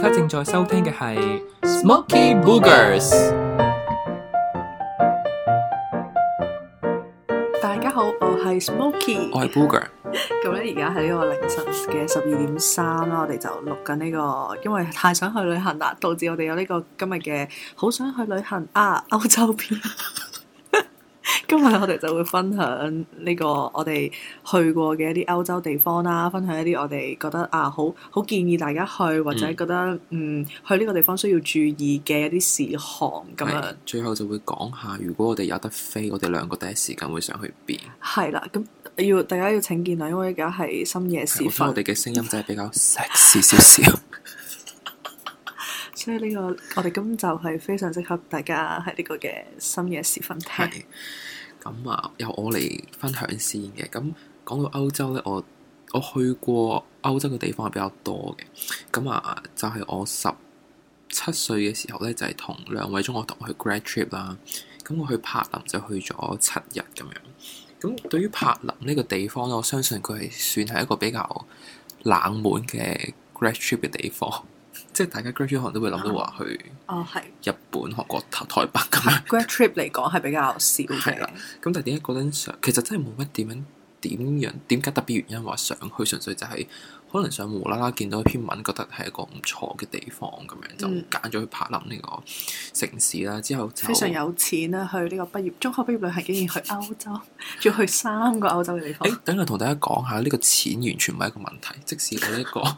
而家正在收聽嘅係 Smoky Boogers。大家好，我係 Smoky，我係 Booger。咁咧，而家係呢個凌晨嘅十二點三啦，我哋就錄緊呢個，因為太想去旅行啦，導致我哋有呢個今日嘅好想去旅行啊歐洲篇。 今日我哋就會分享呢個我哋去過嘅一啲歐洲地方啦，啊，分享一啲我哋覺得啊好好建議大家去，或者覺得嗯去呢個地方需要注意嘅一啲事項咁樣。最後就會講下，如果我哋有得飛，我哋兩個第一時間會想去邊。係啦，咁要大家要請見諒，因為而家係深夜時分，我哋嘅聲音就係比較 sexy 少少，所以呢，這個我哋今就係非常適合大家喺呢個嘅深夜時分聽。咁啊，由我嚟分享先嘅。咁講到歐洲咧，我我去過歐洲嘅地方係比較多嘅。咁啊，就係、是、我十七歲嘅時候咧，就係、是、同兩位中學同學去 grad trip 啦。咁我去柏林就去咗七日咁樣。咁對於柏林呢個地方咧，我相信佢係算係一個比較冷門嘅 grad trip 嘅地方。即係大家 graduate 可能都會諗到話去哦，係日本、哦、韓國、台北咁樣 grad trip 嚟講係比較少嘅。係啦，咁但係點解覺得想？其實真係冇乜點樣點樣點解特別原因話想去，純粹就係可能想無啦啦見到一篇文，覺得係一個唔錯嘅地方咁樣，就揀咗去柏林呢個城市啦。之後就非常有錢啦、啊，去呢個畢業中學畢業旅行竟然 去歐洲，仲要去三個歐洲嘅地方。欸、等我同大家講下呢、呢個錢完全唔係一個問題，即使係一個。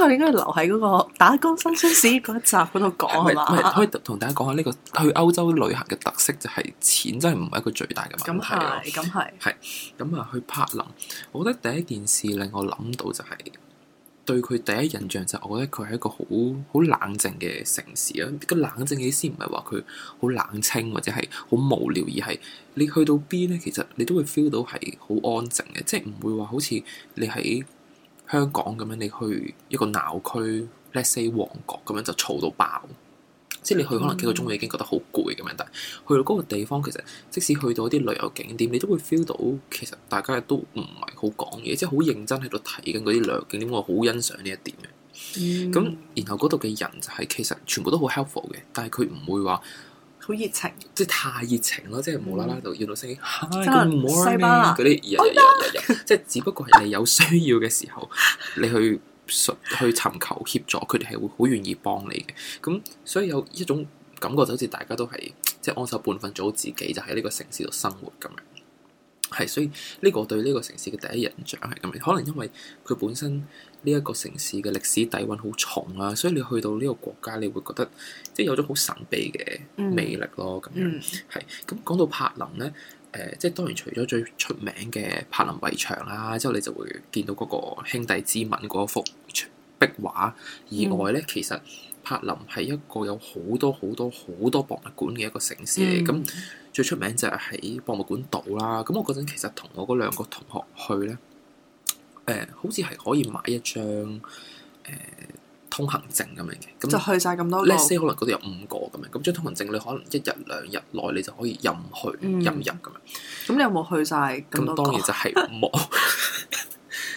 我哋應該留喺嗰個打工辛酸史嗰一集嗰度講係嘛？可以同大家講下呢個去歐洲旅行嘅特色就係錢真係唔係一個最大嘅問題。咁係、嗯，咁、嗯、係。係咁啊，去柏林，我覺得第一件事令我諗到就係、是、對佢第一印象就係、是，我覺得佢係一個好好冷靜嘅城市啊。個冷靜嘅意思唔係話佢好冷清或者係好無聊，而係你去到邊咧，其實你都會 feel 到係好安靜嘅，即係唔會話好似你喺。香港咁樣，你去一個鬧區，let's say 旺角咁樣就嘈到爆，即係你去可能幾個鐘已經覺得好攰咁樣，但係去到嗰個地方，其實即使去到一啲旅遊景點，你都會 feel 到其實大家都唔係好講嘢，即係好認真喺度睇緊嗰啲旅遊景點，我好欣賞呢一點嘅。咁、嗯、然後嗰度嘅人就係、是、其實全部都好 helpful 嘅，但係佢唔會話。好熱， 熱情，即係太熱情咯！即係無啦啦就要到聲音咁，西班牙嗰啲人人人即係只不過係你有需要嘅時候， 你去去尋求協助，佢哋係會好願意幫你嘅。咁所以有一種感覺就好似大家都係即係安守本分，做好自己，就喺、是、呢個城市度生活咁樣。係，所以呢個對呢個城市嘅第一印象係咁樣。可能因為佢本身。呢一個城市嘅歷史底藴好重啦、啊，所以你去到呢個國家，你會覺得即係、就是、有咗好神秘嘅魅力咯，咁樣係。咁講、嗯嗯、到柏林呢，呃、即係當然除咗最出名嘅柏林圍牆啦，之後你就會見到嗰個兄弟之吻嗰幅壁畫以外呢，嗯、其實柏林係一個有好多好多好多，多博物館嘅一個城市嚟。咁、嗯、最出名就係喺博物館島啦。咁我嗰陣其實同我嗰兩個同學去呢。誒，uh, 好似係可以買一張誒、uh, 通行證咁樣嘅，咁就去晒咁多。Let’s say 可能嗰度有五個咁樣，咁張通行證你可能一日兩日內你就可以任去、嗯、任入咁樣。咁你有冇去晒咁多？咁當然就係冇。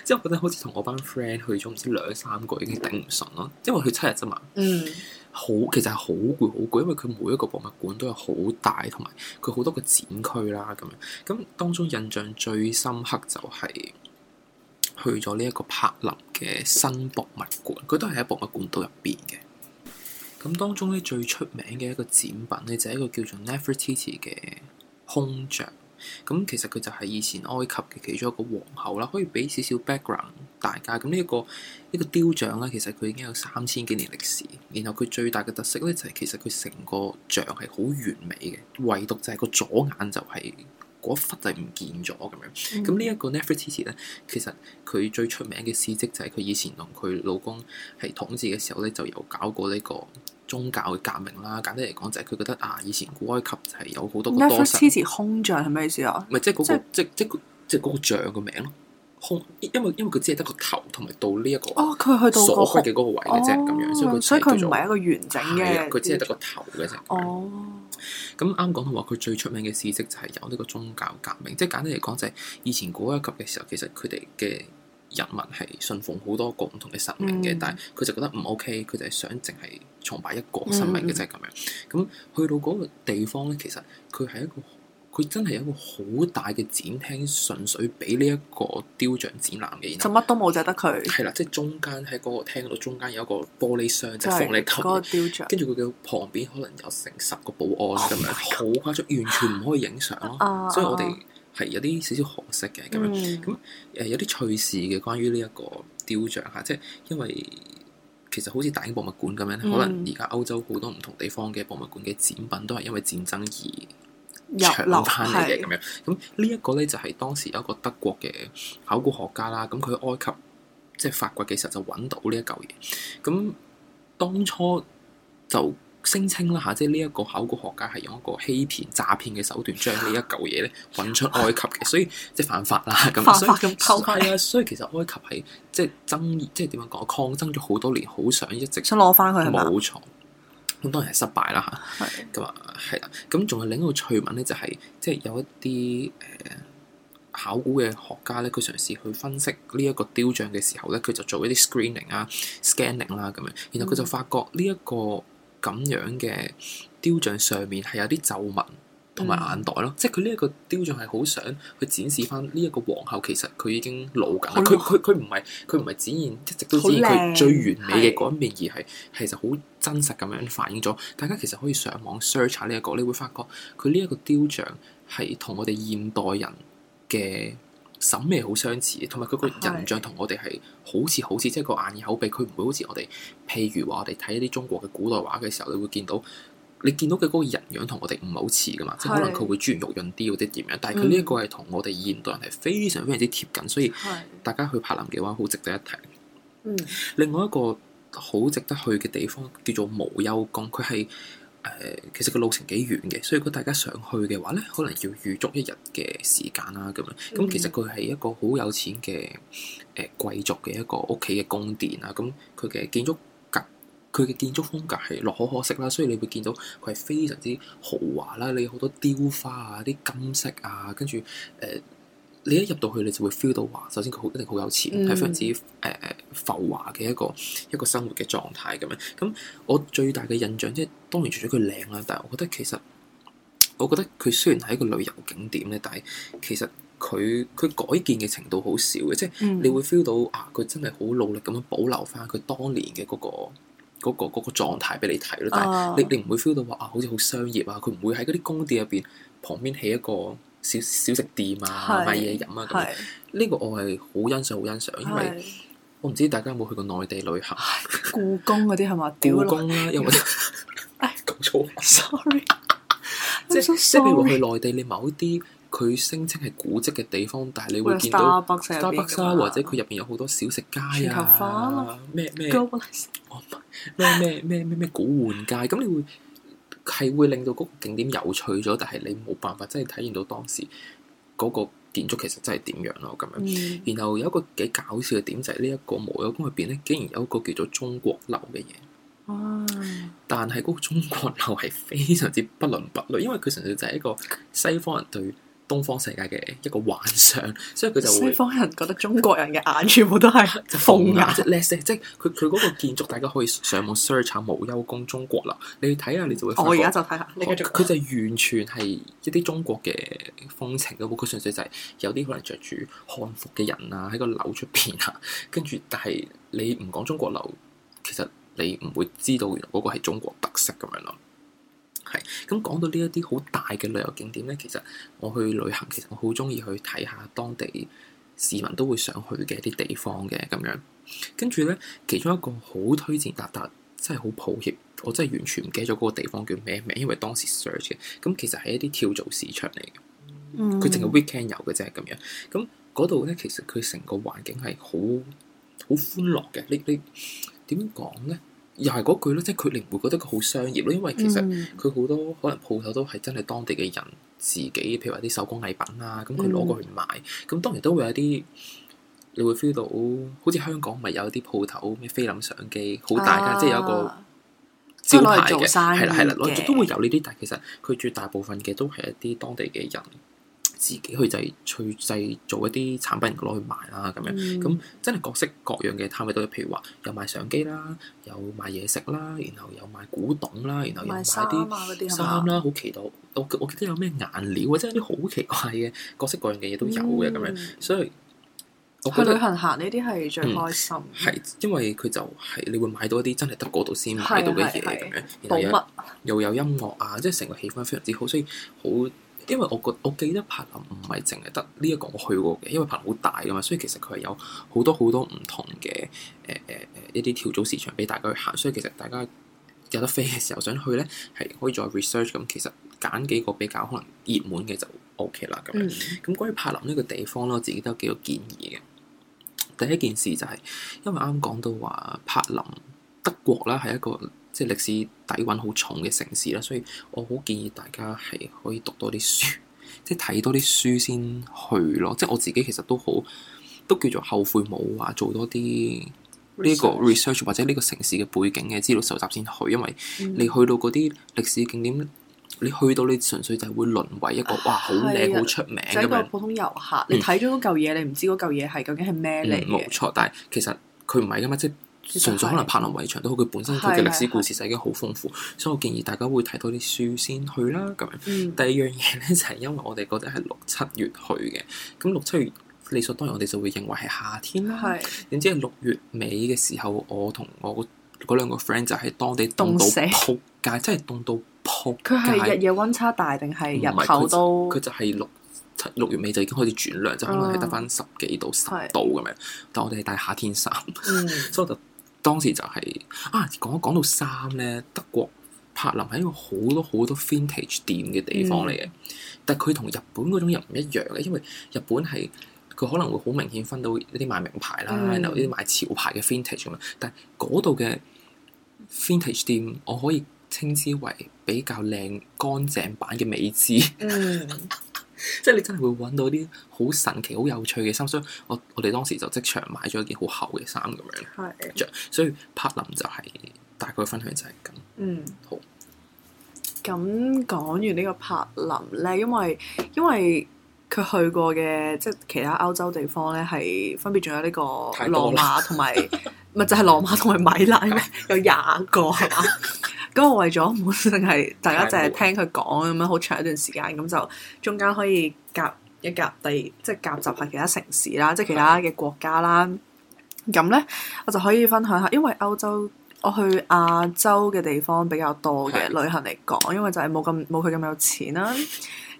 即係 我覺得好似同我班 friend 去咗唔知兩三個已經頂唔順咯，因為去七日啫嘛。嗯、好，其實係好攰好攰，因為佢每一個博物館都有好大，同埋佢好多個展區啦咁樣。咁當中印象最深刻就係、是。去咗呢一個柏林嘅新博物館，佢都係喺博物館度入邊嘅。咁當中咧最出名嘅一個展品咧就係一個叫做 Nefertiti 嘅胸像。咁其實佢就係以前埃及嘅其中一個皇后啦。可以俾少少 background 大家。咁呢一個呢、這個雕像咧，其實佢已經有三千幾年歷史。然後佢最大嘅特色咧就係其實佢成個像係好完美嘅，唯獨就係個左眼就係、是。嗰一忽就唔見咗咁樣，咁、嗯、呢一個 Nefertiti 咧，其實佢最出名嘅事跡就係佢以前同佢老公係統治嘅時候咧，就有搞過呢個宗教嘅革命啦。簡單嚟講就係佢覺得啊，以前古埃及就係有好多、多神 Nefertiti 胸像係咩意思啊？唔係、即係嗰個、即係嗰個即是即即即嗰個像嘅名咯，胸因為因為佢只係得個頭同埋到呢一個佢去到個嘅嗰個位嘅啫咁樣，所以佢所以佢唔係一個完整嘅，佢只係得個頭嘅啫哦。咁啱講到話，佢最出名嘅事蹟就係有呢個宗教革命。即係簡單嚟講、就係，就係以前古埃及嘅時候，其實佢哋嘅人民係信奉好多個唔同嘅神明嘅，嗯、但係佢就覺得唔 OK，佢就係想淨係崇拜一個神明嘅，嗯、就係咁樣。咁、嗯、去到嗰個地方咧，其實佢係一個。佢真係有一個好大嘅展廳，純粹俾呢一個雕像展覽嘅。就乜都冇，就得佢。係啦，即係中間喺嗰個廳度，中間有一個玻璃箱，即係、放你睇雕像。跟住佢嘅旁邊可能有成十個保安咁樣，好、oh、誇張，完全唔可以影相咯。Oh、所以我哋係有啲少少學識嘅咁樣。咁誒、嗯、有啲趣事嘅關於呢一個雕像嚇，即係因為其實好似大英博物館咁樣，嗯、可能而家歐洲好多唔同地方嘅博物館嘅展品都係因為戰爭而，搶返嚟嘅咁樣，咁、嗯這個、呢一個咧就係、是、當時有一個德國嘅考古學家啦，咁、嗯、佢埃及即係、就是、發掘嘅時候就揾到呢一嚿嘢，咁、嗯、當初就聲稱啦吓，即係呢一個考古學家係用一個欺騙、詐騙嘅手段將呢一嚿嘢咧揾出埃及嘅、 就是，所以即係犯法啦咁，所以咁偷拍啊，所以其實埃及係即係爭議，即係點樣講，抗爭咗好多年，好想一直想攞翻佢係嘛？冇錯。 咁當然係失敗啦嚇，咁啊係啦，咁仲有另一個趣聞咧、就係，就係即係有一啲誒考古嘅學家咧，佢嘗試去分析呢一個雕像嘅時候咧，佢就做一啲 screening 啊、scanning 啦咁樣，然後佢就發覺呢一個咁樣嘅雕像上面係有啲皺紋。同埋眼袋咯，嗯、即係佢呢一個雕像係好想去展示翻呢一個皇后，其實佢已經老噶。佢佢佢唔係佢唔係展現一直都展現佢美最完美嘅嗰一面而，而係其實好真實咁樣反映咗。大家其實可以上網 search 呢一個，你會發覺佢呢一個雕像係同我哋現代人嘅審美好相似，同埋佢個人像同我哋係好似好似，的即係個眼耳口鼻，佢唔會好似我哋。譬如話我哋睇一啲中國嘅古代畫嘅時候，你會見到。你見到嘅嗰個人樣同我哋唔係好似噶嘛？的即係可能佢會豬肉潤啲或者點樣，但係佢呢一個係同我哋現代人係非常非常之貼近，嗯、所以大家去柏林嘅話好值得一睇。嗯、另外一個好值得去嘅地方叫做無憂宮，佢係誒其實個路程幾遠嘅，所以如果大家想去嘅話咧，可能要預足一日嘅時間啦、啊、咁樣。咁、嗯嗯、其實佢係一個好有錢嘅誒、呃、貴族嘅一個屋企嘅宮殿啊，咁佢嘅建築。佢嘅建築風格係洛可可式啦，所以你會見到佢係非常之豪華啦。你好多雕花啊，啲金色啊，跟住誒，你一入到去你就會 feel 到話，首先佢好一定好有錢，係、嗯、非常之誒、呃、浮華嘅一個一個生活嘅狀態咁樣。咁我最大嘅印象即、就、係、是、當年除咗佢靚啦，但係我覺得其實我覺得佢雖然係一個旅遊景點咧，但係其實佢佢改建嘅程度好少嘅，即係、嗯、你會 feel 到啊，佢真係好努力咁樣保留翻佢當年嘅嗰、那個。嗰個嗰個狀態俾你睇咯，但係你你唔會 feel 到話啊，好似好商業啊，佢唔會喺嗰啲宮殿入邊旁邊起一個小小、小食店啊，賣嘢飲啊，咁呢是個我係好欣賞，好欣賞，因為我唔知大家有冇去過內地旅行，是 故宮嗰啲係嘛？故宮啦、啊，又或者？唉，講錯，sorry，即係即係譬如話去內地，你某啲。佢聲稱係古蹟嘅地方，但係你會見到 Starbucks 或者佢入邊有好多小食街啊，咩咩 Global ist? 哦咩咩咩咩古玩街，咁你會係會令到嗰個景點有趣咗，但係你冇辦法真係體驗到當時嗰個建築其實真係點樣咯咁樣。嗯、然後有一個幾搞笑嘅點就係、是、呢一個無憂宮入邊咧，竟然有一個叫做中國樓嘅嘢。哇但係嗰個中國樓係非常之不倫不類，因為佢純粹就係一個西方人對，東方世界嘅一個幻想，所以佢就西方人覺得中國人嘅眼全部都係鳳眼，即係即係佢佢嗰個建築，大家可以上網 search 下《無憂宮中國樓》，你睇下你就會覺。我而家就睇下，你繼續。佢就完全係一啲中國嘅風情嘅，佢純粹就係有啲可能着住漢服嘅人啊，喺個樓出邊啊，跟住但係你唔講中國樓，其實你唔會知道原來嗰個係中國特色咁樣咯。係，咁講到呢一啲好大嘅旅遊景點咧，其實我去旅行，其實我好中意去睇下當地市民都會想去嘅一啲地方嘅咁樣。跟住咧，其中一個好推薦，達達真係好抱歉，我真係完全唔記得咗嗰個地方叫咩名，因為當時 search 嘅。咁其實係一啲跳蚤市場嚟嘅，佢淨係 weekend 有嘅啫，咁樣。咁嗰度咧，其實佢成個環境係好好歡樂嘅，呢啲點講咧？又係嗰句咯，即係佢你唔會覺得佢好商業咯，因為其實佢好多可能鋪頭都係真係當地嘅人自己，譬如話啲手工藝品啊，咁佢攞過去賣，咁、嗯、當然都會有啲，你會 feel 到好似香港咪有啲鋪頭咩菲林相機好大間，啊、即係有個招牌嘅，係啦係啦，內地都會有呢啲，但係其實佢絕大部分嘅都係一啲當地嘅人。自己去製去製，做一啲產品攞去賣啦，咁樣咁、嗯嗯、真係各式各樣嘅攤位都有，譬如話有賣相機啦，有賣嘢食啦，然後有賣古董啦，然後又賣啲衫啦，好、啊、奇到我我記得有咩顏料啊，嗯、真係啲好奇怪嘅各式各樣嘅嘢都有嘅咁樣，所以我去旅行行呢啲係最開心，係、嗯、因為佢就係你會買到一啲真係得嗰度先買到嘅嘢咁樣，又有音樂啊，即係成個氣氛非常之好，所以好。因為我覺我記得柏林唔係淨係得呢一個我去過嘅，因為柏林好大㗎嘛，所以其實佢係有好多好多唔同嘅誒誒誒一啲跳蚤市場俾大家去行，所以其實大家有得飛嘅時候想去咧，係可以再 research 咁，其實揀幾個比較可能熱門嘅就 OK 啦咁樣。咁、嗯嗯、關於柏林呢個地方咧，我自己都有幾個建議嘅。第一件事就係、是、因為啱講到話柏林德國啦，係一個。即係歷史底藴好重嘅城市啦，所以我好建議大家係可以讀多啲書，即係睇多啲書先去咯。即係我自己其實都好，都叫做後悔冇話做多啲呢、呢個 research 或者呢個城市嘅背景嘅資料蒐集先去，因為你去到嗰啲歷史景點，你去到你純粹就係會淪為一個、啊、哇好靚好出名咁樣普通遊客，你睇咗嗰嚿嘢，嗯、你唔知嗰嚿嘢係究竟係咩嚟。冇錯，但係其實佢唔係噶嘛，即純粹可能柏林圍牆都好，佢本身佢嘅歷史故事就已經好豐富，所以我建議大家會睇多啲書先去啦咁樣。第二樣嘢咧就係因為我哋覺得係六七月去嘅，咁六七月理所當然我哋就會認為係夏天。係，點知係六月尾嘅時候，我同我嗰兩個 friend 就喺當地凍到仆街，真係凍到仆。佢係日夜溫差大定係日頭都？佢就係六七六月尾就已經開始轉涼，就可能係得翻十幾度十度咁樣，但我哋係帶夏天衫，所以我就。當時就係、是、啊，講講到衫咧，德國柏林係一個好多好多 vintage 店嘅地方嚟嘅。嗯、但係佢同日本嗰種又唔一樣嘅，因為日本係佢可能會好明顯分到一啲賣名牌啦，嗯、然後啲賣潮牌嘅 vintage 但係嗰度嘅 vintage 店，我可以稱之為比較靚乾淨版嘅美姿。嗯即係你真係會揾到啲好神奇、好有趣嘅衫，所以我我哋當時就即場買咗一件好厚嘅衫咁樣，着是。所以柏林就係、是、大概分享就係咁。嗯，好。咁講完呢個柏林咧，因為因為。佢去過嘅即係其他歐洲地方咧，係分別仲有呢個羅馬同埋，咪就係、是、羅馬同埋米拉咩？ 有廿個係嘛？咁我、 嗯、為咗唔好淨係大家淨係聽佢講咁樣好長一段時間，咁就中間可以夾一夾地，即係夾集下其他城市啦，即係其他嘅國家啦。咁咧的，我就可以分享下，因為歐洲我去亞洲嘅地方比較多嘅旅行嚟講，因為就係冇咁冇佢咁有錢啦。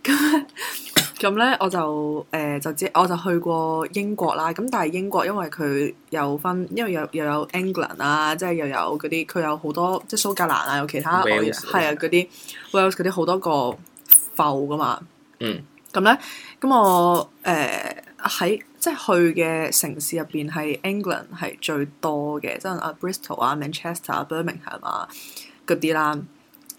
咁咁咧， 我就誒、呃、就知，我就去過英國啦。咁但係英國，因為佢有分，因為又又有 England 啊，即係又有嗰啲，佢有好多，即係蘇格蘭啊，有其他，係啊嗰啲，有 Wales 嗰啲好多個埠㗎嘛。嗯。咁咧，咁我誒喺、呃、即係去嘅城市入邊係 England 係最多嘅，即係啊 Bristol 啊 Manchester 啊 Birmingham 啊嗰啲啦。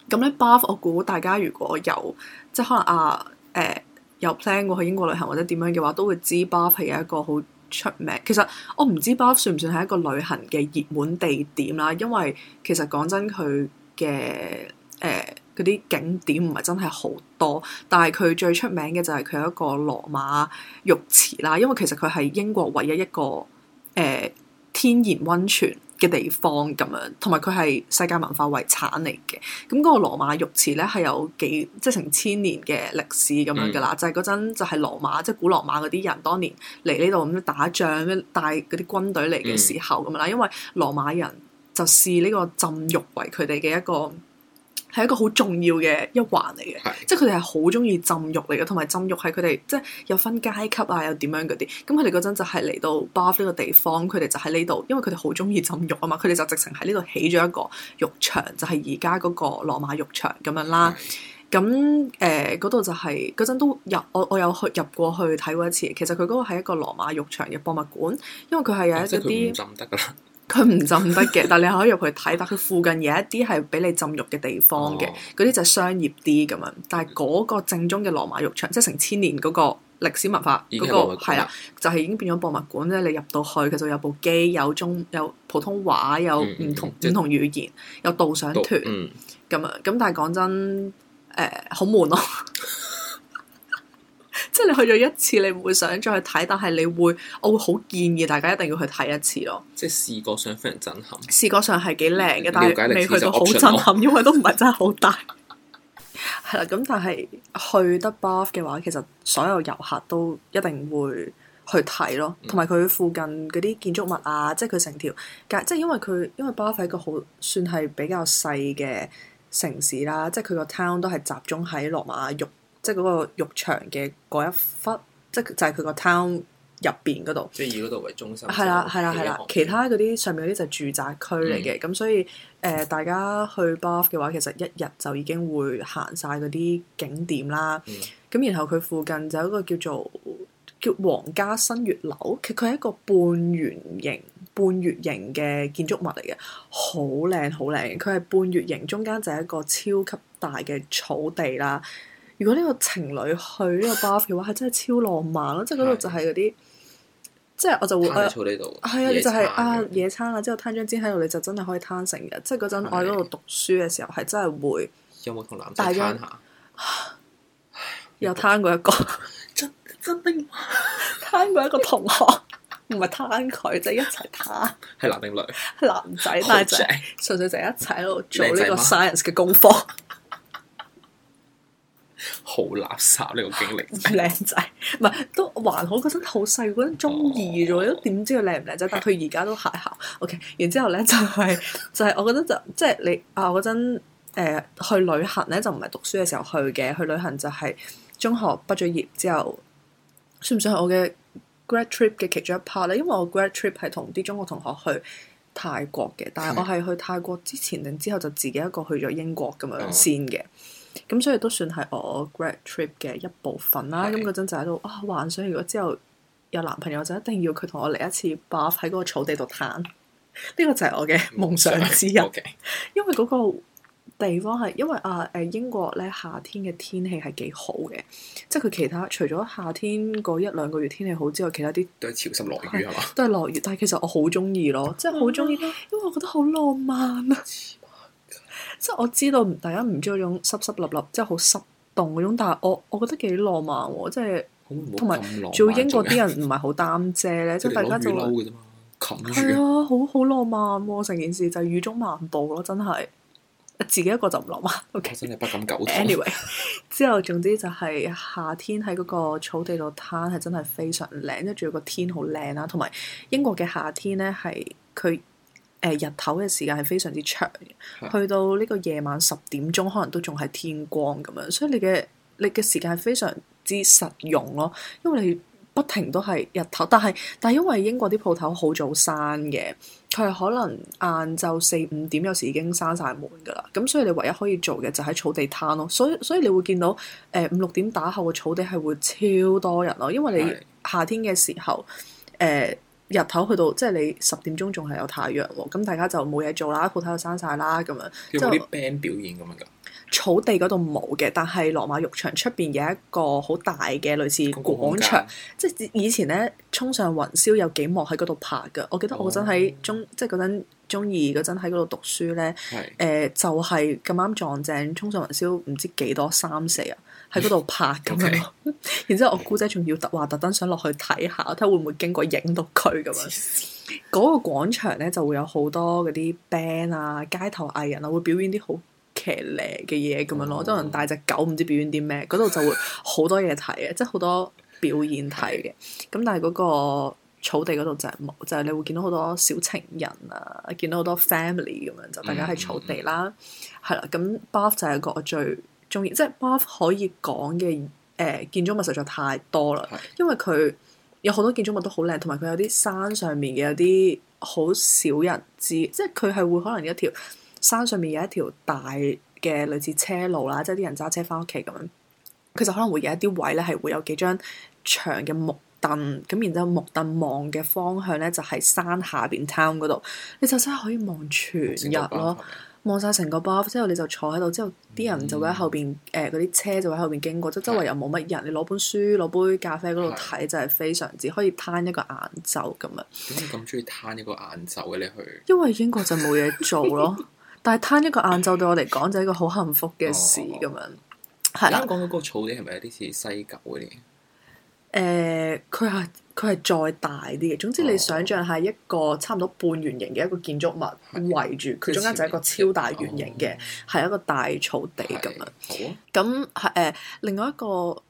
咁咧，Bath 我估大家如果有即係可能啊，誒、呃、有 plan 過去英國旅行或者點樣嘅話，都會知 Bath 係有一個好出名。其實我唔知 Bath 算唔算係一個旅行嘅熱門地點啦，因為其實講真佢嘅誒嗰啲景點唔係真係好多，但係佢最出名嘅就係佢有一個羅馬浴池啦，因為其實佢係英國唯一一個誒、呃、天然溫泉。嘅地方咁樣，同埋佢係世界文化遺產嚟嘅。咁嗰個羅馬浴池咧係有幾即係成千年嘅歷史咁樣噶啦，就係嗰陣就係羅馬即係古羅馬嗰啲人，當年嚟呢度咁樣打仗，帶嗰啲軍隊嚟嘅時候咁啦。嗯、因為羅馬人就視呢個浸浴為佢哋嘅一個。係一個好重要嘅一環嚟嘅的，即係佢哋係好中意浸浴嚟嘅，同埋浸浴係佢哋即係有分階級啊，又點樣嗰啲。咁佢哋嗰陣就係嚟到巴夫呢個地方，佢哋就喺呢度，因為佢哋好中意浸浴啊嘛。佢哋就直情喺呢度起咗一個浴場，就係而家嗰個羅馬浴場咁樣啦。咁誒嗰度就係嗰陣都入我我有去入過去睇過一次。其實佢嗰個係一個羅馬浴場嘅博物館，因為佢係有一啲。浸得的。 佢唔浸得嘅，但係你可以入去睇。但佢附近有一啲係俾你浸浴嘅地方嘅，嗰啲、哦、就商業啲咁樣。但係嗰個正宗嘅羅馬浴場，即係成千年嗰個歷史文化、嗰個，嗰個係啦，就係、係、已經變咗博物館咧。你入到去，其實有部機，有中，有普通話，有唔同唔、嗯嗯、同語言，有導賞團咁、嗯呃、啊。咁但係講真，誒，好悶咯～即係你去咗一次，你唔會想再去睇，但係你會，我會好建議大家一定要去睇一次咯。即係視覺上非常震撼。視覺上係幾靚嘅，但係未去到好震撼，因為都唔係真係好大。係啦，咁但係去得 Bath 嘅話，其實所有遊客都一定會去睇咯。同埋佢附近嗰啲建築物啊，即係佢成條街，即係因為佢因為 Bath 係一個好算係比較細嘅城市啦，即係佢個 town 都係集中喺羅馬浴。即係嗰個浴場嘅嗰一忽，即係就係佢個 town 入邊嗰度。即係以嗰度為中心。係啦、啊，係啦、啊，係啦。其他嗰啲上面嗰啲就係住宅區嚟嘅。咁、嗯、所以誒、呃，大家去 Bath 嘅話，其實一日就已經會行晒嗰啲景點啦。咁、嗯、然後佢附近就有一個叫做叫皇家新月樓，其實佢係一個半圓形、半月形嘅建築物嚟嘅，好靚好靚。佢係半月形，中間就係一個超級大嘅草地啦。如果呢個情侶去呢個 bar 嘅話，係真係超浪漫咯！即係嗰度就係嗰啲，即係我就會喺呢度。係啊，就係啊野餐啊，之後攤張紙喺度，你就真係可以攤成日。即係嗰陣我喺嗰度讀書嘅時候，係真係會有冇同男仔攤下？又攤過一個真真定？攤過一個同學，唔係攤佢，就係一齊攤。係男定女？男仔，男仔，純粹就係一齊喺度做呢個 science 嘅功課。好垃圾呢、這個經歷，靚 仔，唔係都還好。嗰陣好細，嗰陣中意咗。Oh. 都點知佢靚唔靚仔？但佢而家都邂逅。OK，然之後咧就係、是、就係、是，我覺得就即係、就是、你啊，嗰陣誒去旅行咧就唔係讀書嘅時候去嘅，去旅行就係中學畢咗業之後，算唔算係我嘅 grad trip 嘅其中一 part 咧？因為我 grad trip 係同啲中國同學去泰國嘅，但係我係去泰國之前定 之後就自己一個去咗英國咁樣、oh. 先嘅。咁所以都算係我 grad trip 嘅一部分啦。咁嗰陣就喺度啊，幻想如果之後有男朋友就一定要佢同我嚟一次 buff 喺嗰個草地度攤。呢、呢個就係我嘅夢想之一、okay，因為嗰個地方係因為啊誒、呃、英國咧夏天嘅天氣係幾好嘅，即係佢其他除咗夏天嗰一兩個月天氣好之外，其他啲都係潮濕落雨係嘛？都係落雨，落雨 但係其實我好中意咯，即係好中意， 因為我覺得好浪漫啊！即係我知道大家唔中意嗰種濕濕立立，即係好濕凍嗰種，但係我我覺得幾浪漫喎，即係同埋仲要做英國啲人唔係好擔遮咧， 即係大家就係啊，好好浪漫喎！成件事就雨中漫步咯，真係自己一個就唔浪漫啊。O K，真係不敢苟同。Anyway， 之後總之就係夏天喺嗰個草地度攤係真係非常靚，跟住仲有個天好靚啦，同埋英國嘅夏天咧係佢。呃、日頭嘅時間係非常之長嘅，嗯、去到呢個夜晚十點鐘，可能都仲係天光咁樣，所以你嘅你嘅時間係非常之實用咯，因為你不停都係日頭，但係但係因為英國啲鋪頭好早閂嘅，佢係可能晏晝四五點有時已經閂晒門噶啦，咁所以你唯一可以做嘅就喺草地攤咯，所以所以你會見到誒五六點打後嘅草地係會超多人咯，因為你夏天嘅時候誒。是呃日頭去到即係你十點鐘仲係有太陽喎，咁大家就冇嘢做啦，鋪頭又閂晒啦咁樣，即係啲 band 就表演咁樣噶。草地嗰度冇嘅，但係羅馬浴場出邊有一個好大嘅類似廣場，即係以前咧衝上雲霄有幾幕喺嗰度拍噶。我記得我嗰陣喺中，即係嗰陣中二嗰陣喺嗰度讀書咧，誒是、呃、就係咁啱撞正衝上雲霄唔知幾多三四啊！喺嗰度拍咁樣咯，然之後我姑姐仲要特話特登想落去睇下，睇會唔會經過影到佢咁樣。嗰個廣場咧就會有好多嗰啲 band 啊、街頭藝人啊，會表演啲好騎呢嘅嘢咁樣咯，即係可能帶隻狗唔知表演啲咩。嗰度就會好多嘢睇嘅，即係好多表演睇嘅。咁但係嗰個草地嗰度就係冇，就係你會見到好多小情人啊，見到好多 family 咁樣就大家喺草地啦，係啦。咁 bar 就係一個最。中意即係係巴夫可以講嘅，誒建築物實在太多啦，的因為佢有好多建築物都好靚，同埋佢有啲山上面嘅有啲好少人知，即係佢係會可能有一條山上面有一條大嘅類似車路啦，即係啲人揸車返屋企咁樣，佢就可能會有一啲位咧係會有幾張長嘅木凳，咁然之後木凳望嘅方向咧就係、是、山下邊 town 嗰度，你就真係可以望全日咯。望晒成個包之後，你就坐喺度，之後啲人就會喺後邊，誒嗰啲車就會喺後邊經過，即、嗯、周圍又冇乜人。你攞本書、攞杯咖啡嗰度睇，對就係非常之可以攤一個晏晝咁樣。點解咁中意攤一個晏晝嘅你去？因為英國就冇嘢做咯， 但係攤一個晏晝對我嚟講就係一個好幸福嘅事咁、哦、樣。你講到嗰個草地，係咪有啲似西九嗰啲？誒，佢係佢係再大啲嘅。總之，你想像係一,一個差唔多半圓形嘅一個建築物圍住，佢的中間就係一個超大圓形嘅，係的一個大草地咁樣。好啊。咁係誒，另外一個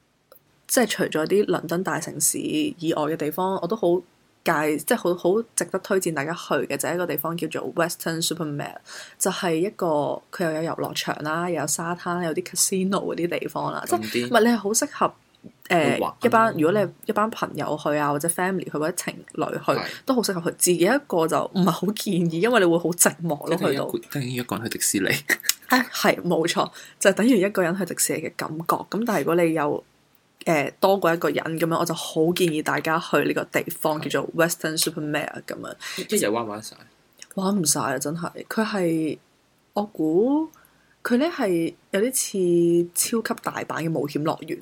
即係除咗啲倫敦大城市以外嘅地方，我都好介，即係好好值得推薦大家去嘅，就係、是、一個地方叫做 Weston-super-Mare，就係一個佢又有遊樂場啦，又有沙灘，有啲 casino 嗰啲地方啦，嗯、些即係唔係你係好適合。誒、呃、一班，如果你係一班朋友去啊，或者 family 去或者情侶去，都好適合去。自己一個就唔係好建議，因為你會好寂寞咯。去到等於一,一個人去迪士尼啊，係冇錯，就是、等於一個人去迪士尼嘅感覺。咁、嗯、但係如果你有誒、呃、多過一個人咁樣，我就好建議大家去呢個地方是叫做 Weston-super-Mare 咁樣。一日玩玩晒。玩唔晒啊！真係，佢係我估佢咧係。有啲似超級大版嘅冒險樂園，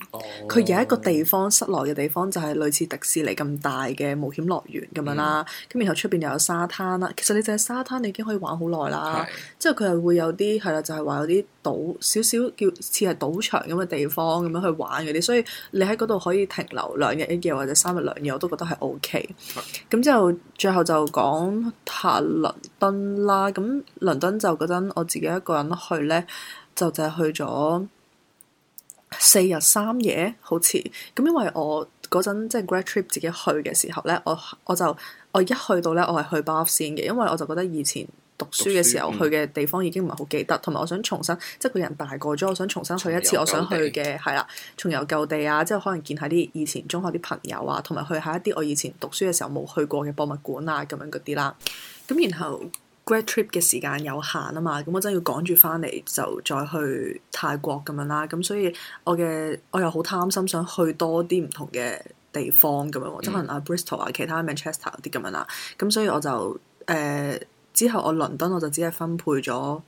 佢、oh. 有一個地方室內嘅地方就係、是、類似迪士尼咁大嘅冒險樂園咁樣啦。咁、mm. 然後出邊又有沙灘啦。其實你就喺沙灘，你已經可以玩好耐啦。Okay. 之後佢又會有啲係啦，就係、是、話有啲賭少少叫似係賭場咁嘅地方咁樣去玩嗰啲，所以你喺嗰度可以停留兩日一夜或者三日兩夜，我都覺得係 O K。咁之 Okay. 後最後就講下倫敦啦。咁倫敦就嗰陣我自己一個人去咧。就就係去咗四日三夜，好似咁。因為我嗰陣即係、就是、grad trip 自己去嘅時候咧，我我就我一去到咧，我係去巴斯先嘅，因為我就覺得以前讀書嘅時候書去嘅地方已經唔係好記得，同埋我想重新即係個人大個咗，我想重新去一次我想去嘅係啦，重遊舊地啊，即係可能見下啲以前中學啲朋友啊，同埋去下一啲我以前讀書嘅時候冇去過嘅博物館啊，咁樣嗰啲啦。咁然後。Great trip 嘅時間有限啊嘛，咁我真係要趕住翻嚟就再去泰國咁樣啦，咁所以我嘅我又好貪心，想去多啲唔同嘅地方咁樣，即係可能啊 Bristol 啊其他 Manchester 啲咁樣啦，咁所以我就誒、呃、之後我倫敦我就只係分配咗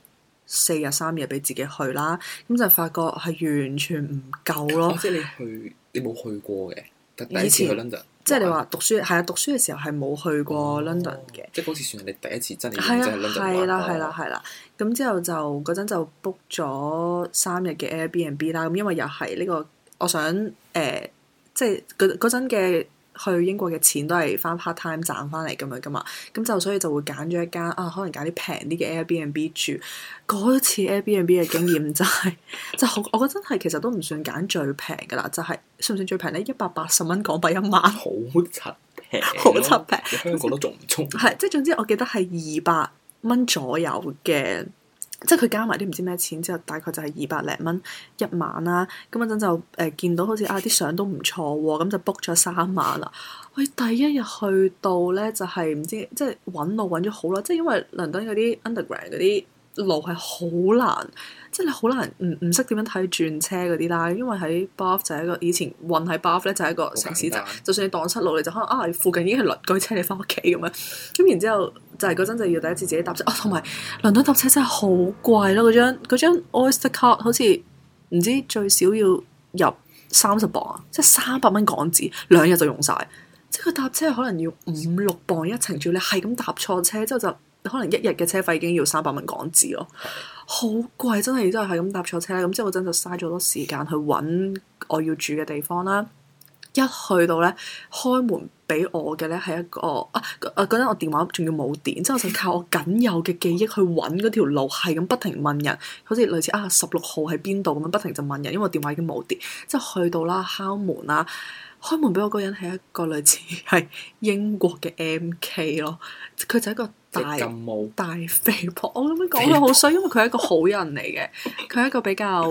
四日三夜俾自己去啦，咁就發覺係完全唔夠咯， 哦、即係你去你冇去過嘅，第一次去倫敦。即係你話讀書係啊，讀書嘅時候係冇去過 London 嘅，哦。即係好似算係你第一次真係真係 London 玩過，係啦係啦係啦，咁之後就嗰陣就 book 咗三日嘅 Airbnb 啦。咁因為又係呢、這個，我想誒、呃，即係嗰嗰陣嘅。去英國嘅錢都係翻 part time 賺翻嚟咁樣噶嘛，咁就所以就會揀咗一間啊，可能揀啲平啲嘅 Airbnb 住。嗰次 Airbnb 嘅經驗就係、係，就係、我覺得真係其實都唔算揀最平噶啦，就係、係、算唔算最平咧？元元一百八十蚊港幣一晚，好七平，好七平，香港都仲唔錯。係即係總之，我記得係二百蚊左右嘅。即係佢加埋啲唔知咩錢之後，大概就係二百零蚊一晚啦。咁嗰陣就誒、呃、見到好似啊啲相都唔錯喎，咁、嗯、就 book 咗三晚啦。去第一日去到咧就係、是、唔知即係揾路揾咗好耐，即係因為倫敦嗰啲 underground 嗰啲。路係好難，即、就、係、是、你好難，唔唔識點樣睇轉車嗰啲啦。因為喺 Bath 就係一個以前運喺 Bath 咧就係一個城市站。就算你蕩失路，你就可能啊，附近已經係鄰居車你翻屋企咁樣。咁然之後就係嗰陣就要第一次自己搭車。哦，同埋倫敦搭車真係好貴咯，嗰張張 Oyster Card 好似唔知最少要入三十磅啊，即係三百蚊港紙，兩日就用晒。即、就、係、是、搭車可能要五六磅一程，仲要你係咁搭錯車之後就。可能一日嘅車費已經要三百蚊港紙咯，好貴，真係真係咁搭錯車，咁之後我真係就嘥咗好多時間去揾我要住嘅地方啦。一去到呢，開門俾我嘅呢係一個啊，嗰陣我電話仲要冇電，之後就靠我僅有嘅記憶去揾嗰條路，係咁不停問人，好似類似啊十六號喺邊度咁樣，不停就問人，因為我電話已經冇電。之後去到啦，敲門啦，開門俾我嗰人係一個類似係英國嘅 MK 咯，佢就係一個。大大肥婆，我咁樣講佢好衰，因為佢係一個好人嚟嘅，佢係 一個比較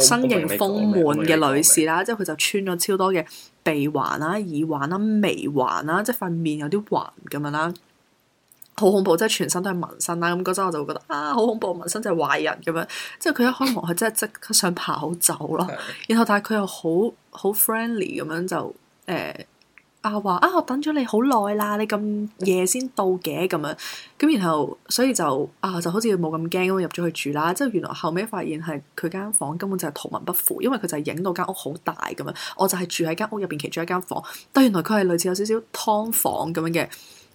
身形豐滿嘅女士啦，之後佢就穿咗超多嘅鼻環啦、耳環啦、眉環啦，即係塊面有啲環咁樣啦，好恐怖，即係全身都係紋身啦。咁嗰陣我就會覺得啊，好恐怖，紋身就係壞人咁樣。即係佢一開門，佢 真係即刻想跑走咯。 然後但係佢又好好 friendly 咁樣就誒。呃啊話啊，我等咗你好耐啦，你咁夜先到嘅咁樣，咁然後所以就啊，就好似冇咁驚咁入咗去住啦。即係原來後尾發現係佢間房根本就係圖文不符，因為佢就係影到間屋好大咁樣，我就係住喺間屋入邊其中一間房，但原來佢係類似有少少劏房咁樣嘅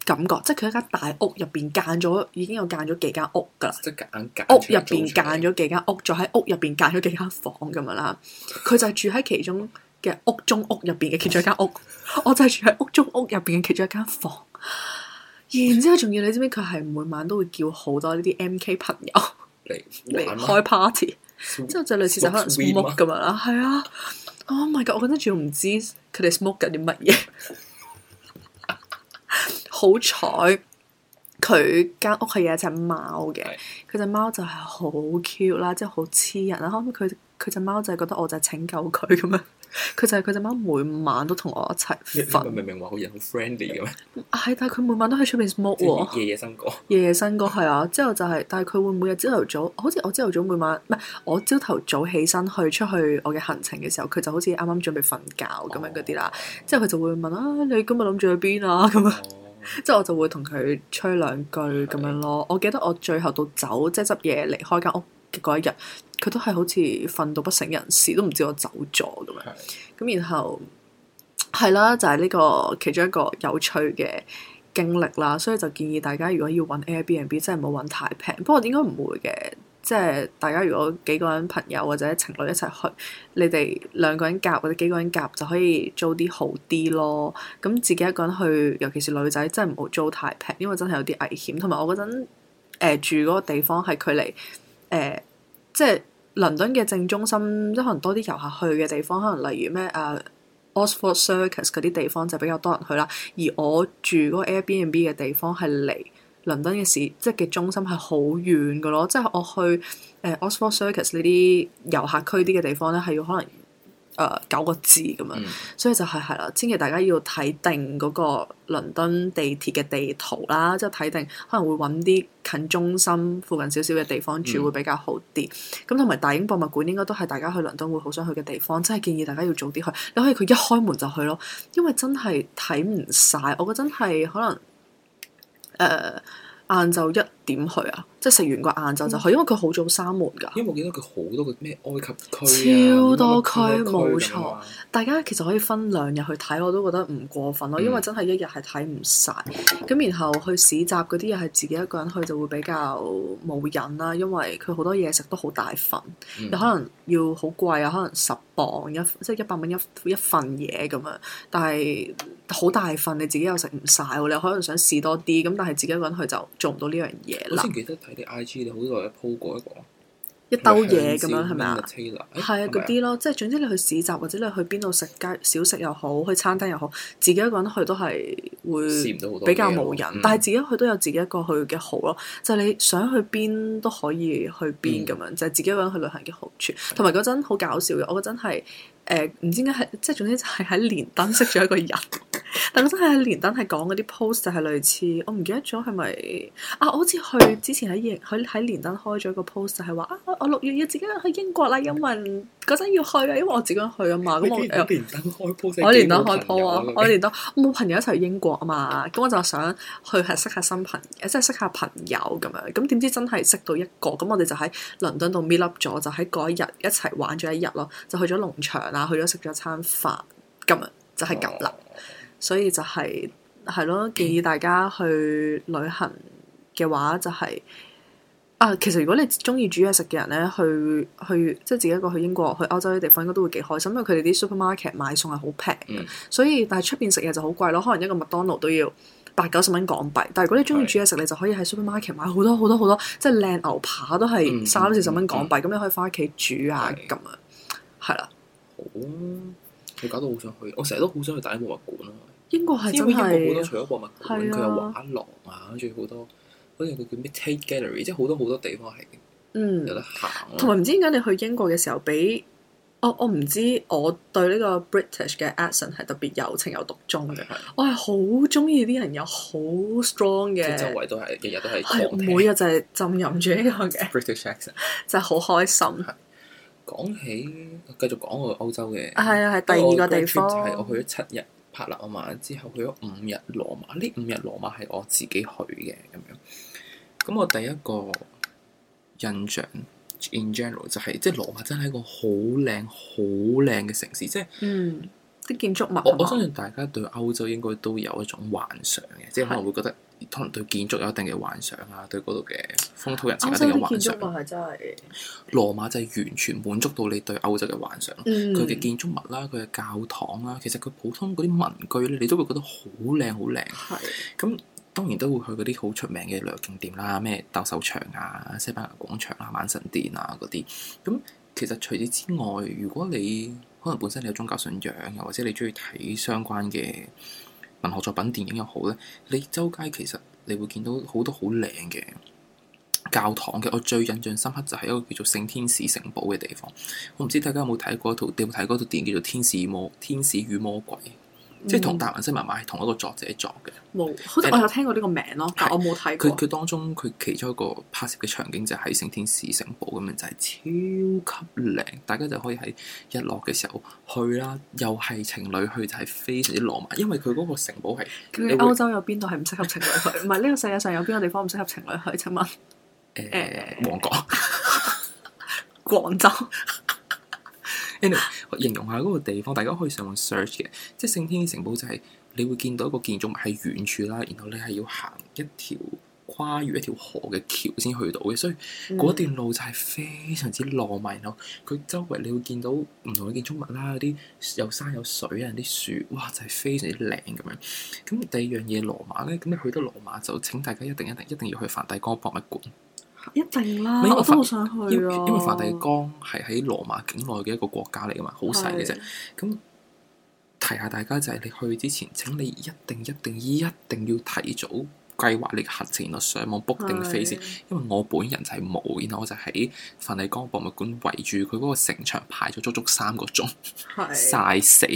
感覺，即係佢一間大屋入邊間咗已經有間咗幾間屋噶，即係間間屋入邊間咗幾間屋，再喺屋入邊間咗幾間房咁樣啦，佢就係住喺其中。 嘅屋中屋入邊嘅其中一間屋，我就係住喺屋中屋入邊嘅其中一間房。然之後仲要你知唔知佢係每晚都會叫好多呢啲 MK 朋友嚟嚟開 party，之後就類似就可能 smoke 咁樣啦。係啊，哦 My God！我覺得仲唔知佢哋 smoke 緊啲乜嘢。好彩佢間屋係有一隻貓嘅，佢隻貓就係好 cute 啦，即係好黐人啦。後尾佢佢隻貓就係覺得我就係拯救佢咁樣。佢就係佢只晚每晚都同我一齊瞓。明明話好人好 friend 咁樣，但係佢每晚都喺出邊 smoke、啊、夜夜笙歌。夜夜笙歌係啊，之後就係、是，但係佢會每日朝頭早，好似我朝頭早每晚，唔係我朝頭早起身去出去我嘅行程嘅時候，佢就好似啱啱準備瞓覺咁樣嗰啲啦。之、oh. 後佢就會問啊：你今日諗住去邊啊？咁啊。之後我就會同佢吹兩句咁、oh. 樣咯。Yeah. 我記得我最後到走，即係執嘢離開間屋。嗰一日，佢都係好似瞓到不省人事，都唔知我走咗咁樣。咁的然後係啦，就係、是、呢、呢個其中一個有趣嘅經歷啦。所以就建議大家，如果要揾 Airbnb，真係唔好揾太平。不過應該唔會嘅，即係大家如果幾個人朋友或者情侶一齊去，你哋兩個人夾或者幾個人夾就可以租啲好啲咯。咁、嗯、自己一個人去，尤其是女仔，真係唔好租太平，因為真係有啲危險。同埋我嗰陣、呃、住嗰個地方係距離。誒，uh, 即係倫敦嘅正中心，即可能多啲遊客去嘅地方，可能例如咩啊、uh, Oxford Circus 嗰啲地方就比較多人去啦。而我住嗰 Airbnb 嘅地方係離倫敦嘅市即係嘅中心係好遠㗎囉，即係我去誒、uh, Oxford Circus 呢啲遊客區啲嘅地方咧，係要可能。誒、呃、九個字咁樣，嗯、所以就係係啦，千祈大家要睇定嗰個倫敦地鐵嘅地圖啦，即係睇定可能會揾啲近中心附近少少嘅地方住會比較好啲。咁同埋大英博物館應該都係大家去倫敦會好想去嘅地方，真係建議大家要早啲去，你可以佢一開門就去咯，因為真係睇唔晒。我覺得真係可能誒晏晝一。點去啊？即係食完個晏晝就去，因為佢好早閂門㗎。因為我見到佢好多個咩埃及區、啊，超多區冇、啊、錯。大家其實可以分兩日去睇，我都覺得唔過分咯、啊。嗯、因為真係一日係睇唔晒。咁然後去市集嗰啲嘢係自己一個人去就會比較冇癮啦，因為佢好多嘢食都好大份，嗯、你可能要好貴啊，可能十磅一即係、就是、一百蚊一一份嘢咁樣。但係好大份，你自己又食唔晒，你可能想試多啲，咁但係自己一個人去就做唔到呢樣嘢。我先記得睇啲 I G 你好多一鋪過一個，一兜嘢咁樣係咪啊？係啊，嗰啲咯，即係、er? 哎、總之你去市集或者你去邊度食街小食又好，去餐廳又好，自己一個人去都係會，比較冇人。但係自己去都有自己一個去嘅好咯，就係、你想去邊都可以去邊咁樣，嗯、就係自己一個人去旅行嘅好處。同埋嗰陣好搞笑嘅，我嗰陣係。誒唔、呃、知點解係即係總之就係喺連登識咗一個人，但嗰陣喺連登係講嗰啲 post 就係類似我唔記得咗係咪啊？我好似去之前喺喺喺連登開咗一個 post 係話啊！我六月要自己去英國啦，因為嗰陣要去啦，因為我自己去啊嘛。咁 我喺連登開 post，喺連登開 p o 啊！喺連登冇朋友一齊去英國啊嘛，咁 我就想去係識下新朋友，即係識下朋友咁樣。咁點知真係識到一個咁，我哋就喺倫敦度 meet up 咗，就喺嗰一日一齊玩咗一日咯，就去咗農場。去咗食咗餐飯，今日就係咁啦，所以就係係咯，建議大家去旅行嘅話，就係，就係啊，其實如果你中意煮嘢食嘅人咧，去去即係自己一個去英國，去歐洲啲地方，應該都會幾開心，因為佢哋啲 supermarket 買餸係好平嘅，嗯、所以但係出邊食嘢就好貴咯，可能一個麥當勞都要八九十蚊港幣，但係如果你中意煮嘢食，的你就可以喺 supermarket 買好多好多好多，多，即係靚牛排都係三四十蚊港幣，咁、嗯嗯、你可以翻屋企煮啊，咁啊的，係啦。哦，佢搞到好想去，我成日都好想去大英博物館咯。英國係真係英國好多除咗博物館，佢、啊、有畫廊啊，跟住好多好似佢叫咩 Tate Gallery，即係好多好多地方係嗯有得行。同埋唔知點解你去英國嘅時候比，比、哦、我我唔知我對呢個 British 嘅 accent 係特別有情有獨鍾嘅。的我係好中意啲人有好 strong 嘅，即周圍都係日日都係係每日就係浸淫住呢個嘅 British accent 就就好開心。講起繼續講去歐洲嘅，啊係，啊係第二個地方個就係我去咗七日柏林啊嘛，之後去咗五日羅馬，呢五日羅馬係我自己去嘅咁樣。咁我第一個印象 in general 就係即係羅馬真係一個好靚好靚嘅城市，即係，嗯。建築物我，我相信大家對歐洲應該都有一種幻想嘅，即係可能會覺得，可能是對建築有一定嘅幻想啊，對嗰度嘅風土人情有一定嘅幻想。建築物係真係，羅馬就係完全滿足到你對歐洲嘅幻想。佢嘅、嗯、建築物啦、啊，佢嘅教堂啦、啊，其實佢普通嗰啲民居咧，你都會覺得好靚好靚。係是，咁當然都會去嗰啲好出名嘅旅遊景點啦，咩鬥獸場啊、西班牙廣場啊、萬神殿啊嗰啲。咁其實除此之外，如果你可能本身你有宗教信仰，又或者你中意睇相關嘅文學作品、電影又好咧，你周街其實你會見到好多好靚嘅教堂嘅。我最印象深刻就係一個叫做《聖天使城堡》嘅地方。我唔知大家有冇睇過一套，你有冇睇過套電影叫做《天使魔天使與魔鬼》？即係同《達文西密碼》係同一個作者作嘅，冇有，好似 And 我有聽過呢個名咯，是但我冇睇過。佢佢當中佢其中一個拍攝嘅場景就係喺聖天使城堡咁樣，就係、是、超級靚，大家就可以喺日落嘅時候去啦。又係情侶去就係非常之浪漫，因為佢嗰個城堡係。咁歐洲有邊度係唔適合情侶去？唔係呢個世界上有邊個地方唔適合情侶去？請問？誒、呃，旺角、廣州。 Anyway, 我形容下嗰個地方，大家可以上網 search 嘅，即係聖天城堡就係你會見到一個建築物喺遠處啦，然後你係要行一條跨越一條河嘅橋先去到嘅，所以嗰段路就係非常之浪漫咯。佢、嗯、周圍你會見到唔同嘅建築物啦，啲有，有山有水啊，啲樹，哇，就係、是、非常之靚咁樣。咁第二樣嘢羅馬咧，咁你去到羅馬就請大家一定一定一定要去梵蒂岡博物館。一定啦，我都想去咯。因為梵蒂岡係喺羅馬境內嘅一個國家嚟噶嘛，好細嘅啫。咁是提下大家就係你去之前，請你一定一定一定要提早計劃你嘅行程咯，上網 book 定飛先。是因為我本人就係冇，然後我就喺梵蒂岡博物館圍住佢嗰個城牆排咗足足三個鐘，曬是死。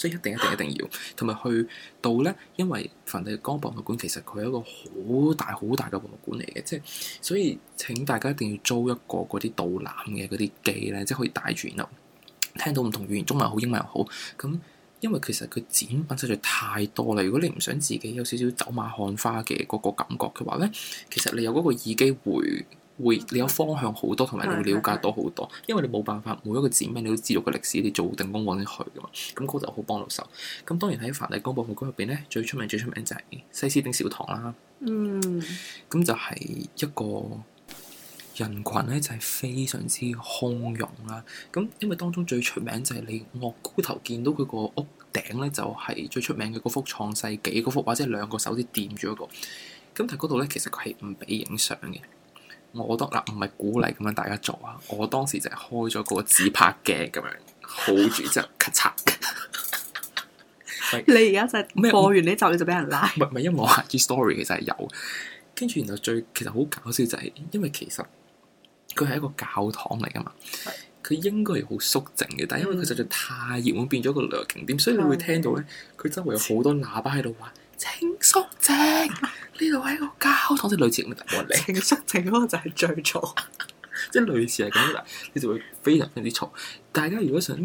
即係一定一定一定要，同埋去到呢。因為梵蒂岡博物館其實佢係一個好大好大嘅博物館嚟嘅，即係所以請大家一定要租一個嗰啲導覽嘅嗰啲機呢，即係可以帶住，聽到唔同語言，中文好，英文又好。咁因為其實佢展品實在太多啦，如果你唔想自己有少少走馬看花嘅嗰個感覺嘅話呢，其實你有嗰個耳機會。會你有方向好多，同埋你瞭解到好多，的因為你冇辦法每一個展品你都知道個歷史，你做定功你去噶嘛。咁嗰就好幫到手。咁當然喺梵蒂岡博物館入邊咧，最出名最出名就係西斯丁小堂啦。嗯，咁就係一個人群咧，就係、是、非常之洶湧啦。咁因為當中最出名就係你我高頭見到佢個屋頂咧，就係、是、最出名嘅嗰幅創世紀嗰幅畫，即係兩個手指掂住一個。咁但係嗰度咧，其實佢係唔俾影相嘅。我得啦，唔係鼓勵咁樣大家做啊！我當時就係開咗個自拍鏡咁樣好住之後，咔嚓。你而家就播完呢集咩你就俾人拉？唔係唔係，因為我下啲 story 其實係有，跟住然後最其實好搞笑就係，因為其實佢係一個教堂嚟噶嘛，佢應該係好肅靜嘅，但係因為佢實在太熱門，變咗個旅遊景點，所以你會聽到咧，佢周圍有好多喇叭喺度玩。青松正，呢度係一個教堂，即類似咁嚟。青松靜嗰個就係最嘈， 即係類似係咁嚟，你就會非常非常之嘈。大家如果想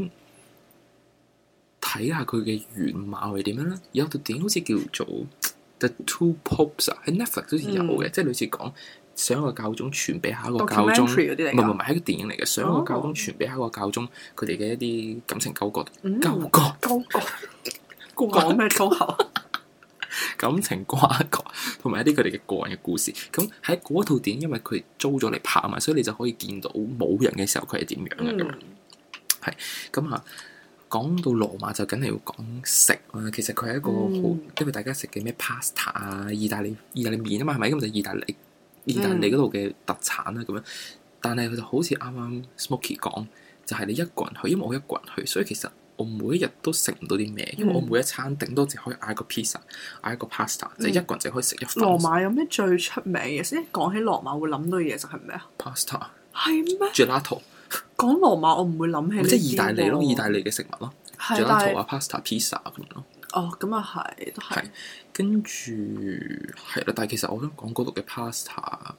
睇下佢嘅原貌係點樣咧，有套電影好似叫做 The Two Popes 喺 Netflix 好似有嘅，嗯、即係類似講上一個教宗傳俾下一個教宗。唔係唔係唔係，係個電影嚟嘅，上一個教宗傳俾下一個教宗，佢哋嘅一啲感情糾葛、糾、嗯、葛、糾葛，講咩粗口感情瓜葛，同埋一啲佢哋嘅個人嘅故事。咁喺嗰套電影，因為佢租咗嚟拍啊嘛，所以你就可以見到冇人嘅時候佢係點樣啊咁、嗯、樣。係咁啊，講到羅馬就梗係要講食啊。其實佢係一個好，嗯、因為大家食嘅咩 pasta 啊、意大利、意大利麵啊嘛，係咪？咁就係、意大利、意大利嗰度嘅特產啦咁、嗯、樣。但係佢就好似啱啱 Smoky 講，就係、係、你一個人去，因為我一冇一個人去，所以其實。我每一日都食唔到啲咩，因為、嗯、我每一餐頂多只可以嗌個 pizza，嗌個 pasta，即係、嗯、一個人就可以食一份。份。羅馬有咩最出名嘅先？講起羅馬會諗到嘅嘢食係咩啊？pasta 係咩？gelato 講羅馬我唔會諗起、啊。即係意大利咯，意大利嘅食物咯，gelato 啊，pasta、pizza 咁樣咯。哦，咁又係都係。跟住係啦，但係其實我想講嗰度嘅 pasta。